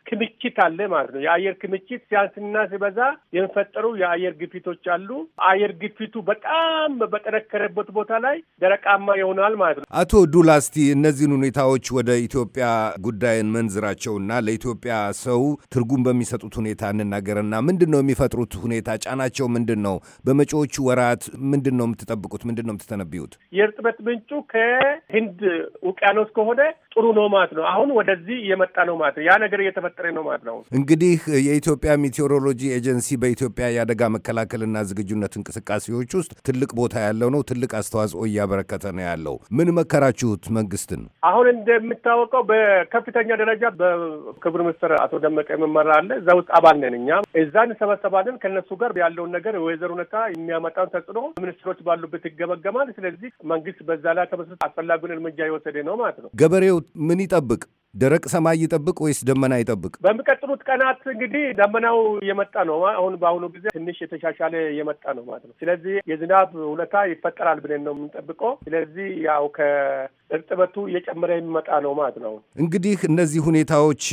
ክምችት አለ ማለት ነው። የአየር ክምችት ሲያንስና ሲበዛ የሚፈጠሩ የአየር ግፊቶች አሉ። አየር ግፊቱ በጣም በጠነከረበት ቦታ ላይ ደረቃማ ይሆናል ማለት ነው። አቶ ዱላ እስቲ እነዚህን ሁኔታዎች ወደ ኢትዮጵያ ጉዳይን መንዝራቸውና ለኢትዮጵያ ሰው ትርጉም በሚሰጡት ሁኔታ እንናገርና ምንድን ነው የሚፈጥሩት ሁኔታ ጫናቸው ምንድን ነው? በመጪዎቹ ወራት ምንድን ነው የምትጠብቁት? ምንድን ነው የምትተነብዩት? የእርጥበት ምንጩ ከህንድ ውቅያኖስ ከሆነ ጥሩ ነው ማለት ነው። አሁን ወደዚህ እየመጣ ነው ማለት ነው። ያ ነገር እየተፈጠረ ነው ማለት ነው። እንግዲህ የኢትዮጵያ ሜቴዎሮሎጂ ኤጀንሲ በኢትዮጵያ የአደጋ መከላከልና ዝግጁነት እንቅስቃሴዎች ውስጥ ትልቅ ቦታ ያለው ነው። ትልቅ አስተዋጽኦ እያበረከተ ነው ያለው። ምን መከራችሁት መንግስትን? አሁን እንደሚታወቀው በከፍተኛ ደረጃ በክቡር ሚኒስትር አቶ ደመቀ የመመራ አለ። እዛ ውስጥ አባል ነን እኛ። እዛ እንሰበሰባለን። ከነሱ ጋር ያለውን ነገር የወይዘር ነካ የሚያመጣውን ተጽዕኖ ሚኒስትሮች ባሉበት ይገመገማል። ስለዚህ መንግስት በዛ ላይ ተመስርቶ አስፈላጊውን እርምጃ የወሰደ ነው ማለት ነው። ገበሬው ምን ይጠብቅ? ደረቅ ሰማይ ይጠብቅ ወይስ ደመና ይጠብቅ? በሚቀጥሉት ቀናት እንግዲህ ደመናው የመጣ ነው። አሁን በአሁኑ ጊዜ ትንሽ የተሻሻለ የመጣ ነው ማለት ነው። ስለዚህ የዝናብ ሁለታ ይፈጠራል ብለን ነው የምንጠብቀው። ስለዚህ ያው ከእርጥበቱ እየጨመረ የሚመጣ ነው ማለት ነው። እንግዲህ እነዚህ ሁኔታዎች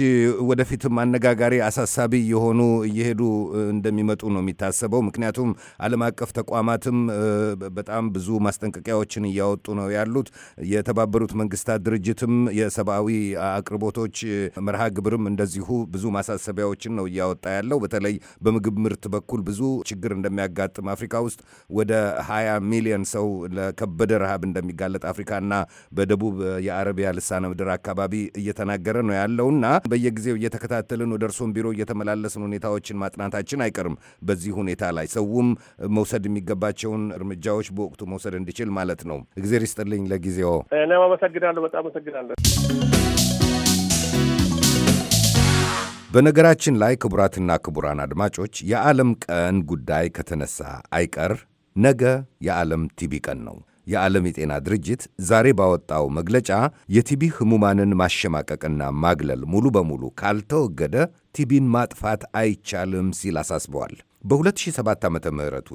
ወደፊትም አነጋጋሪ፣ አሳሳቢ የሆኑ እየሄዱ እንደሚመጡ ነው የሚታሰበው። ምክንያቱም ዓለም አቀፍ ተቋማትም በጣም ብዙ ማስጠንቀቂያዎችን እያወጡ ነው ያሉት። የተባበሩት መንግስታት ድርጅትም የሰብአዊ አቅርቦቶች መርሃ ግብርም እንደዚሁ ብዙ ማሳሰቢያዎችን ነው እያወጣ ያለው። በተለይ በምግብ ምርት በኩል ብዙ ችግር እንደሚያጋጥም አፍሪካ ውስጥ ወደ 20 ሚሊዮን ሰው ለከበደ ረሃብ እንደሚጋለጥ አፍሪካና በደቡብ የአረቢያ ልሳነ ምድር አካባቢ እየተናገረ ነው ያለውና በየጊዜው እየተከታተልን ወደ እርሶም ቢሮ እየተመላለስን ሁኔታዎችን ማጥናታችን አይቀርም። በዚህ ሁኔታ ላይ ሰውም መውሰድ የሚገባቸውን እርምጃዎች በወቅቱ መውሰድ እንዲችል ማለት ነው። እግዜር ይስጥልኝ ለጊዜው። እኔም አመሰግናለሁ። በጣም አመሰግናለሁ። በነገራችን ላይ ክቡራትና ክቡራን አድማጮች የዓለም ቀን ጉዳይ ከተነሳ አይቀር ነገ የዓለም ቲቢ ቀን ነው። የዓለም የጤና ድርጅት ዛሬ ባወጣው መግለጫ የቲቢ ህሙማንን ማሸማቀቅና ማግለል ሙሉ በሙሉ ካልተወገደ ቲቢን ማጥፋት አይቻልም ሲል አሳስበዋል። በ2007 ዓ ም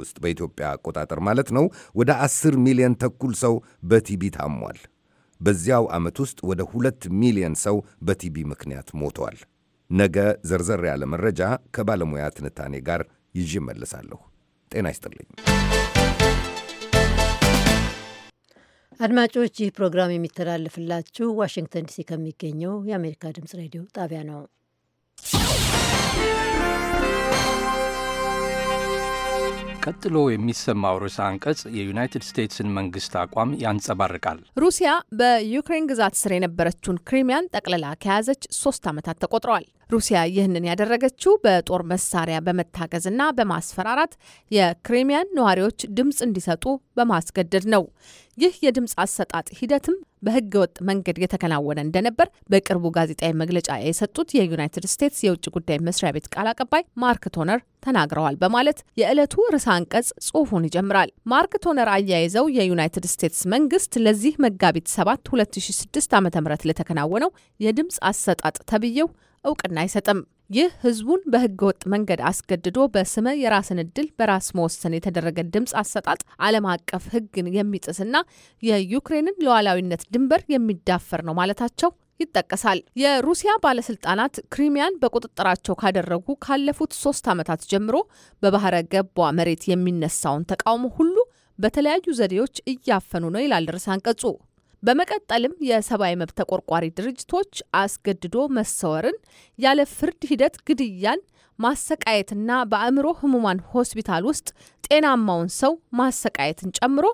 ውስጥ በኢትዮጵያ አቆጣጠር ማለት ነው ወደ 10 ሚሊዮን ተኩል ሰው በቲቢ ታሟል። በዚያው ዓመት ውስጥ ወደ 2 ሚሊዮን ሰው በቲቢ ምክንያት ሞተዋል። ነገ ዘርዘር ያለ መረጃ ከባለሙያ ትንታኔ ጋር ይዤ እመለሳለሁ። ጤና ይስጥልኝ አድማጮች። ይህ ፕሮግራም የሚተላለፍላችሁ ዋሽንግተን ዲሲ ከሚገኘው የአሜሪካ ድምጽ ሬዲዮ ጣቢያ ነው። ቀጥሎ የሚሰማው ርዕሰ አንቀጽ የዩናይትድ ስቴትስን መንግስት አቋም ያንጸባርቃል። ሩሲያ በዩክሬን ግዛት ስር የነበረችውን ክሪሚያን ጠቅልላ ከያዘች ሶስት ዓመታት ተቆጥረዋል። ሩሲያ ይህንን ያደረገችው በጦር መሳሪያ በመታገዝና በማስፈራራት የክሪሚያን ነዋሪዎች ድምፅ እንዲሰጡ በማስገደድ ነው። ይህ የድምፅ አሰጣጥ ሂደትም በህገወጥ ወጥ መንገድ የተከናወነ እንደነበር በቅርቡ ጋዜጣዊ መግለጫ የሰጡት የዩናይትድ ስቴትስ የውጭ ጉዳይ መስሪያ ቤት ቃል አቀባይ ማርክ ቶነር ተናግረዋል በማለት የዕለቱ ርዕሰ አንቀጽ ጽሑፉን ይጀምራል። ማርክ ቶነር አያይዘው የዩናይትድ ስቴትስ መንግስት ለዚህ መጋቢት 7 2006 ዓ ም ለተከናወነው የድምፅ አሰጣጥ ተብዬው እውቅና አይሰጥም። ይህ ህዝቡን በህገ ወጥ መንገድ አስገድዶ በስመ የራስን እድል በራስ መወሰን የተደረገ ድምፅ አሰጣጥ ዓለም አቀፍ ህግን የሚጥስና የዩክሬንን ሉዓላዊነት ድንበር የሚዳፈር ነው ማለታቸው ይጠቀሳል። የሩሲያ ባለስልጣናት ክሪሚያን በቁጥጥራቸው ካደረጉ ካለፉት ሶስት ዓመታት ጀምሮ በባህረ ገቧ መሬት የሚነሳውን ተቃውሞ ሁሉ በተለያዩ ዘዴዎች እያፈኑ ነው ይላል ርዕሰ አንቀጹ። በመቀጠልም የሰብአዊ መብት ተቆርቋሪ ድርጅቶች አስገድዶ መሰወርን፣ ያለ ፍርድ ሂደት ግድያን፣ ማሰቃየትና በአእምሮ ህሙማን ሆስፒታል ውስጥ ጤናማውን ሰው ማሰቃየትን ጨምሮ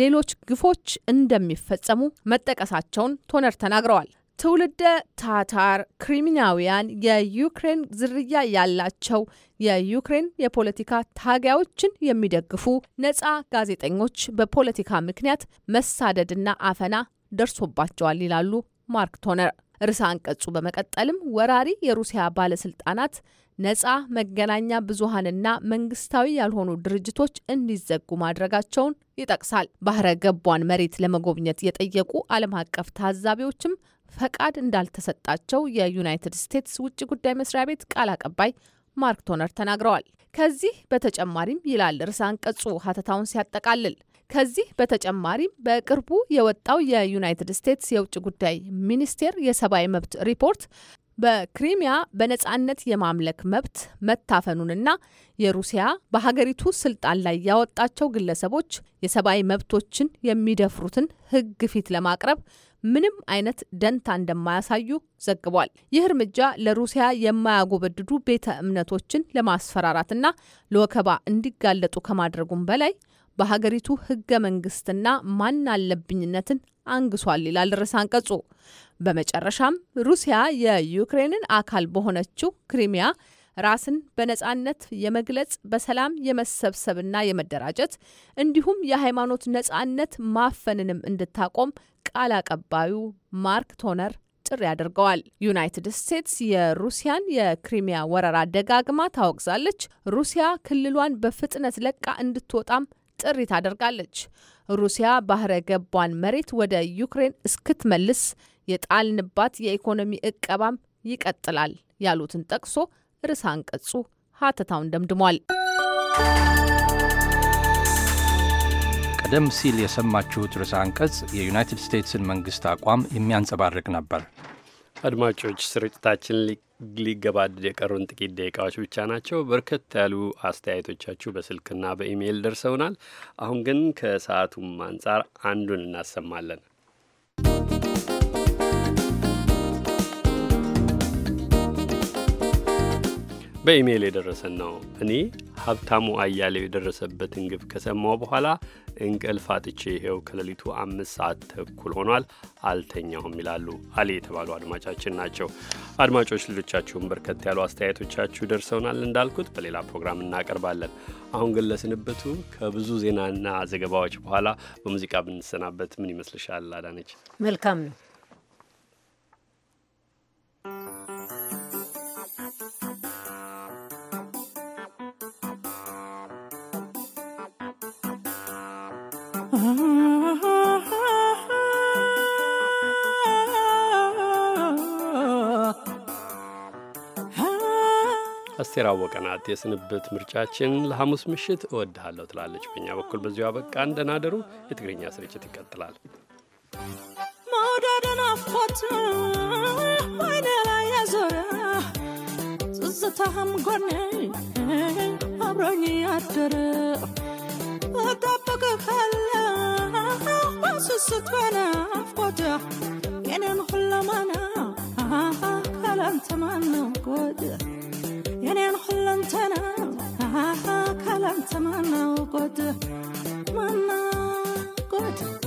ሌሎች ግፎች እንደሚፈጸሙ መጠቀሳቸውን ቶነር ተናግረዋል። ትውልደ ታታር ክሪሚናውያን የዩክሬን ዝርያ ያላቸው የዩክሬን የፖለቲካ ታጋዮችን የሚደግፉ ነጻ ጋዜጠኞች በፖለቲካ ምክንያት መሳደድና አፈና ደርሶባቸዋል ይላሉ ማርክ ቶነር። ርዕሰ አንቀጹ በመቀጠልም ወራሪ የሩሲያ ባለስልጣናት ነጻ መገናኛ ብዙሀንና መንግስታዊ ያልሆኑ ድርጅቶች እንዲዘጉ ማድረጋቸውን ይጠቅሳል። ባህረ ገቧን መሬት ለመጎብኘት የጠየቁ ዓለም አቀፍ ታዛቢዎችም ፈቃድ እንዳልተሰጣቸው የዩናይትድ ስቴትስ ውጭ ጉዳይ መስሪያ ቤት ቃል አቀባይ ማርክ ቶነር ተናግረዋል። ከዚህ በተጨማሪም ይላል ርዕሰ አንቀጹ ሀተታውን ሲያጠቃልል ከዚህ በተጨማሪም በቅርቡ የወጣው የዩናይትድ ስቴትስ የውጭ ጉዳይ ሚኒስቴር የሰብአዊ መብት ሪፖርት በክሪሚያ በነጻነት የማምለክ መብት መታፈኑንና የሩሲያ በሀገሪቱ ስልጣን ላይ ያወጣቸው ግለሰቦች የሰብአዊ መብቶችን የሚደፍሩትን ሕግ ፊት ለማቅረብ ምንም አይነት ደንታ እንደማያሳዩ ዘግቧል። ይህ እርምጃ ለሩሲያ የማያጎበድዱ ቤተ እምነቶችን ለማስፈራራትና ለወከባ እንዲጋለጡ ከማድረጉም በላይ በሀገሪቱ ህገ መንግስትና ማን አለብኝነትን አንግሷል ይላል ርዕሰ አንቀጹ። በመጨረሻም ሩሲያ የዩክሬንን አካል በሆነችው ክሪሚያ ራስን በነጻነት የመግለጽ በሰላም የመሰብሰብና የመደራጀት እንዲሁም የሃይማኖት ነጻነት ማፈንንም እንድታቆም ቃል አቀባዩ ማርክ ቶነር ጥሪ አድርገዋል። ዩናይትድ ስቴትስ የሩሲያን የክሪሚያ ወረራ ደጋግማ ታወግዛለች። ሩሲያ ክልሏን በፍጥነት ለቃ እንድትወጣም ጥሪ ታደርጋለች። ሩሲያ ባህረ ገቧን መሬት ወደ ዩክሬን እስክትመልስ የጣልንባት የኢኮኖሚ እቀባም ይቀጥላል ያሉትን ጠቅሶ ርዕሰ አንቀጹ ሀተታውን ደምድሟል። ቀደም ሲል የሰማችሁት ርዕሰ አንቀጽ የዩናይትድ ስቴትስን መንግስት አቋም የሚያንጸባርቅ ነበር። አድማጮች ስርጭታችን ሊገባድድ የቀሩን ጥቂት ደቂቃዎች ብቻ ናቸው። በርከት ያሉ አስተያየቶቻችሁ በስልክና በኢሜይል ደርሰውናል። አሁን ግን ከሰዓቱም አንጻር አንዱን እናሰማለን። በኢሜይል የደረሰን ነው። እኔ ሀብታሙ አያሌው የደረሰበትን ግብ ከሰማው በኋላ እንቅልፍ አጥቼ ይኸው ከሌሊቱ አምስት ሰዓት ተኩል ሆኗል፣ አልተኛሁም ይላሉ አሊ የተባሉ አድማጫችን ናቸው። አድማጮች ልጆቻችሁን በርከት ያሉ አስተያየቶቻችሁ ደርሰውናል። እንዳልኩት በሌላ ፕሮግራም እናቀርባለን። አሁን ግን ለስንብቱ ከብዙ ዜናና ዘገባዎች በኋላ በሙዚቃ ብንሰናበት ምን ይመስልሻል አዳነች? መልካም ነው። አስቴር አወቀ ናት የስንብት ምርጫችን ለሐሙስ ምሽት እወድሃለሁ ትላለች። በእኛ በኩል በዚሁ አበቃ። እንደናደሩ የትግርኛ ስርጭት ይቀጥላል። መውደድን አፎት አይኔ ላይ ያዞረ ትዝታህም ጎኔ አብሮኝ ያደረ እጠብቅሃለሁ በስስት በናፍቆት የኔን ሁለማና ካላንተ ማን ነው የኔን ሁለንተና ካላንተ ማናውቆት ማናውቆት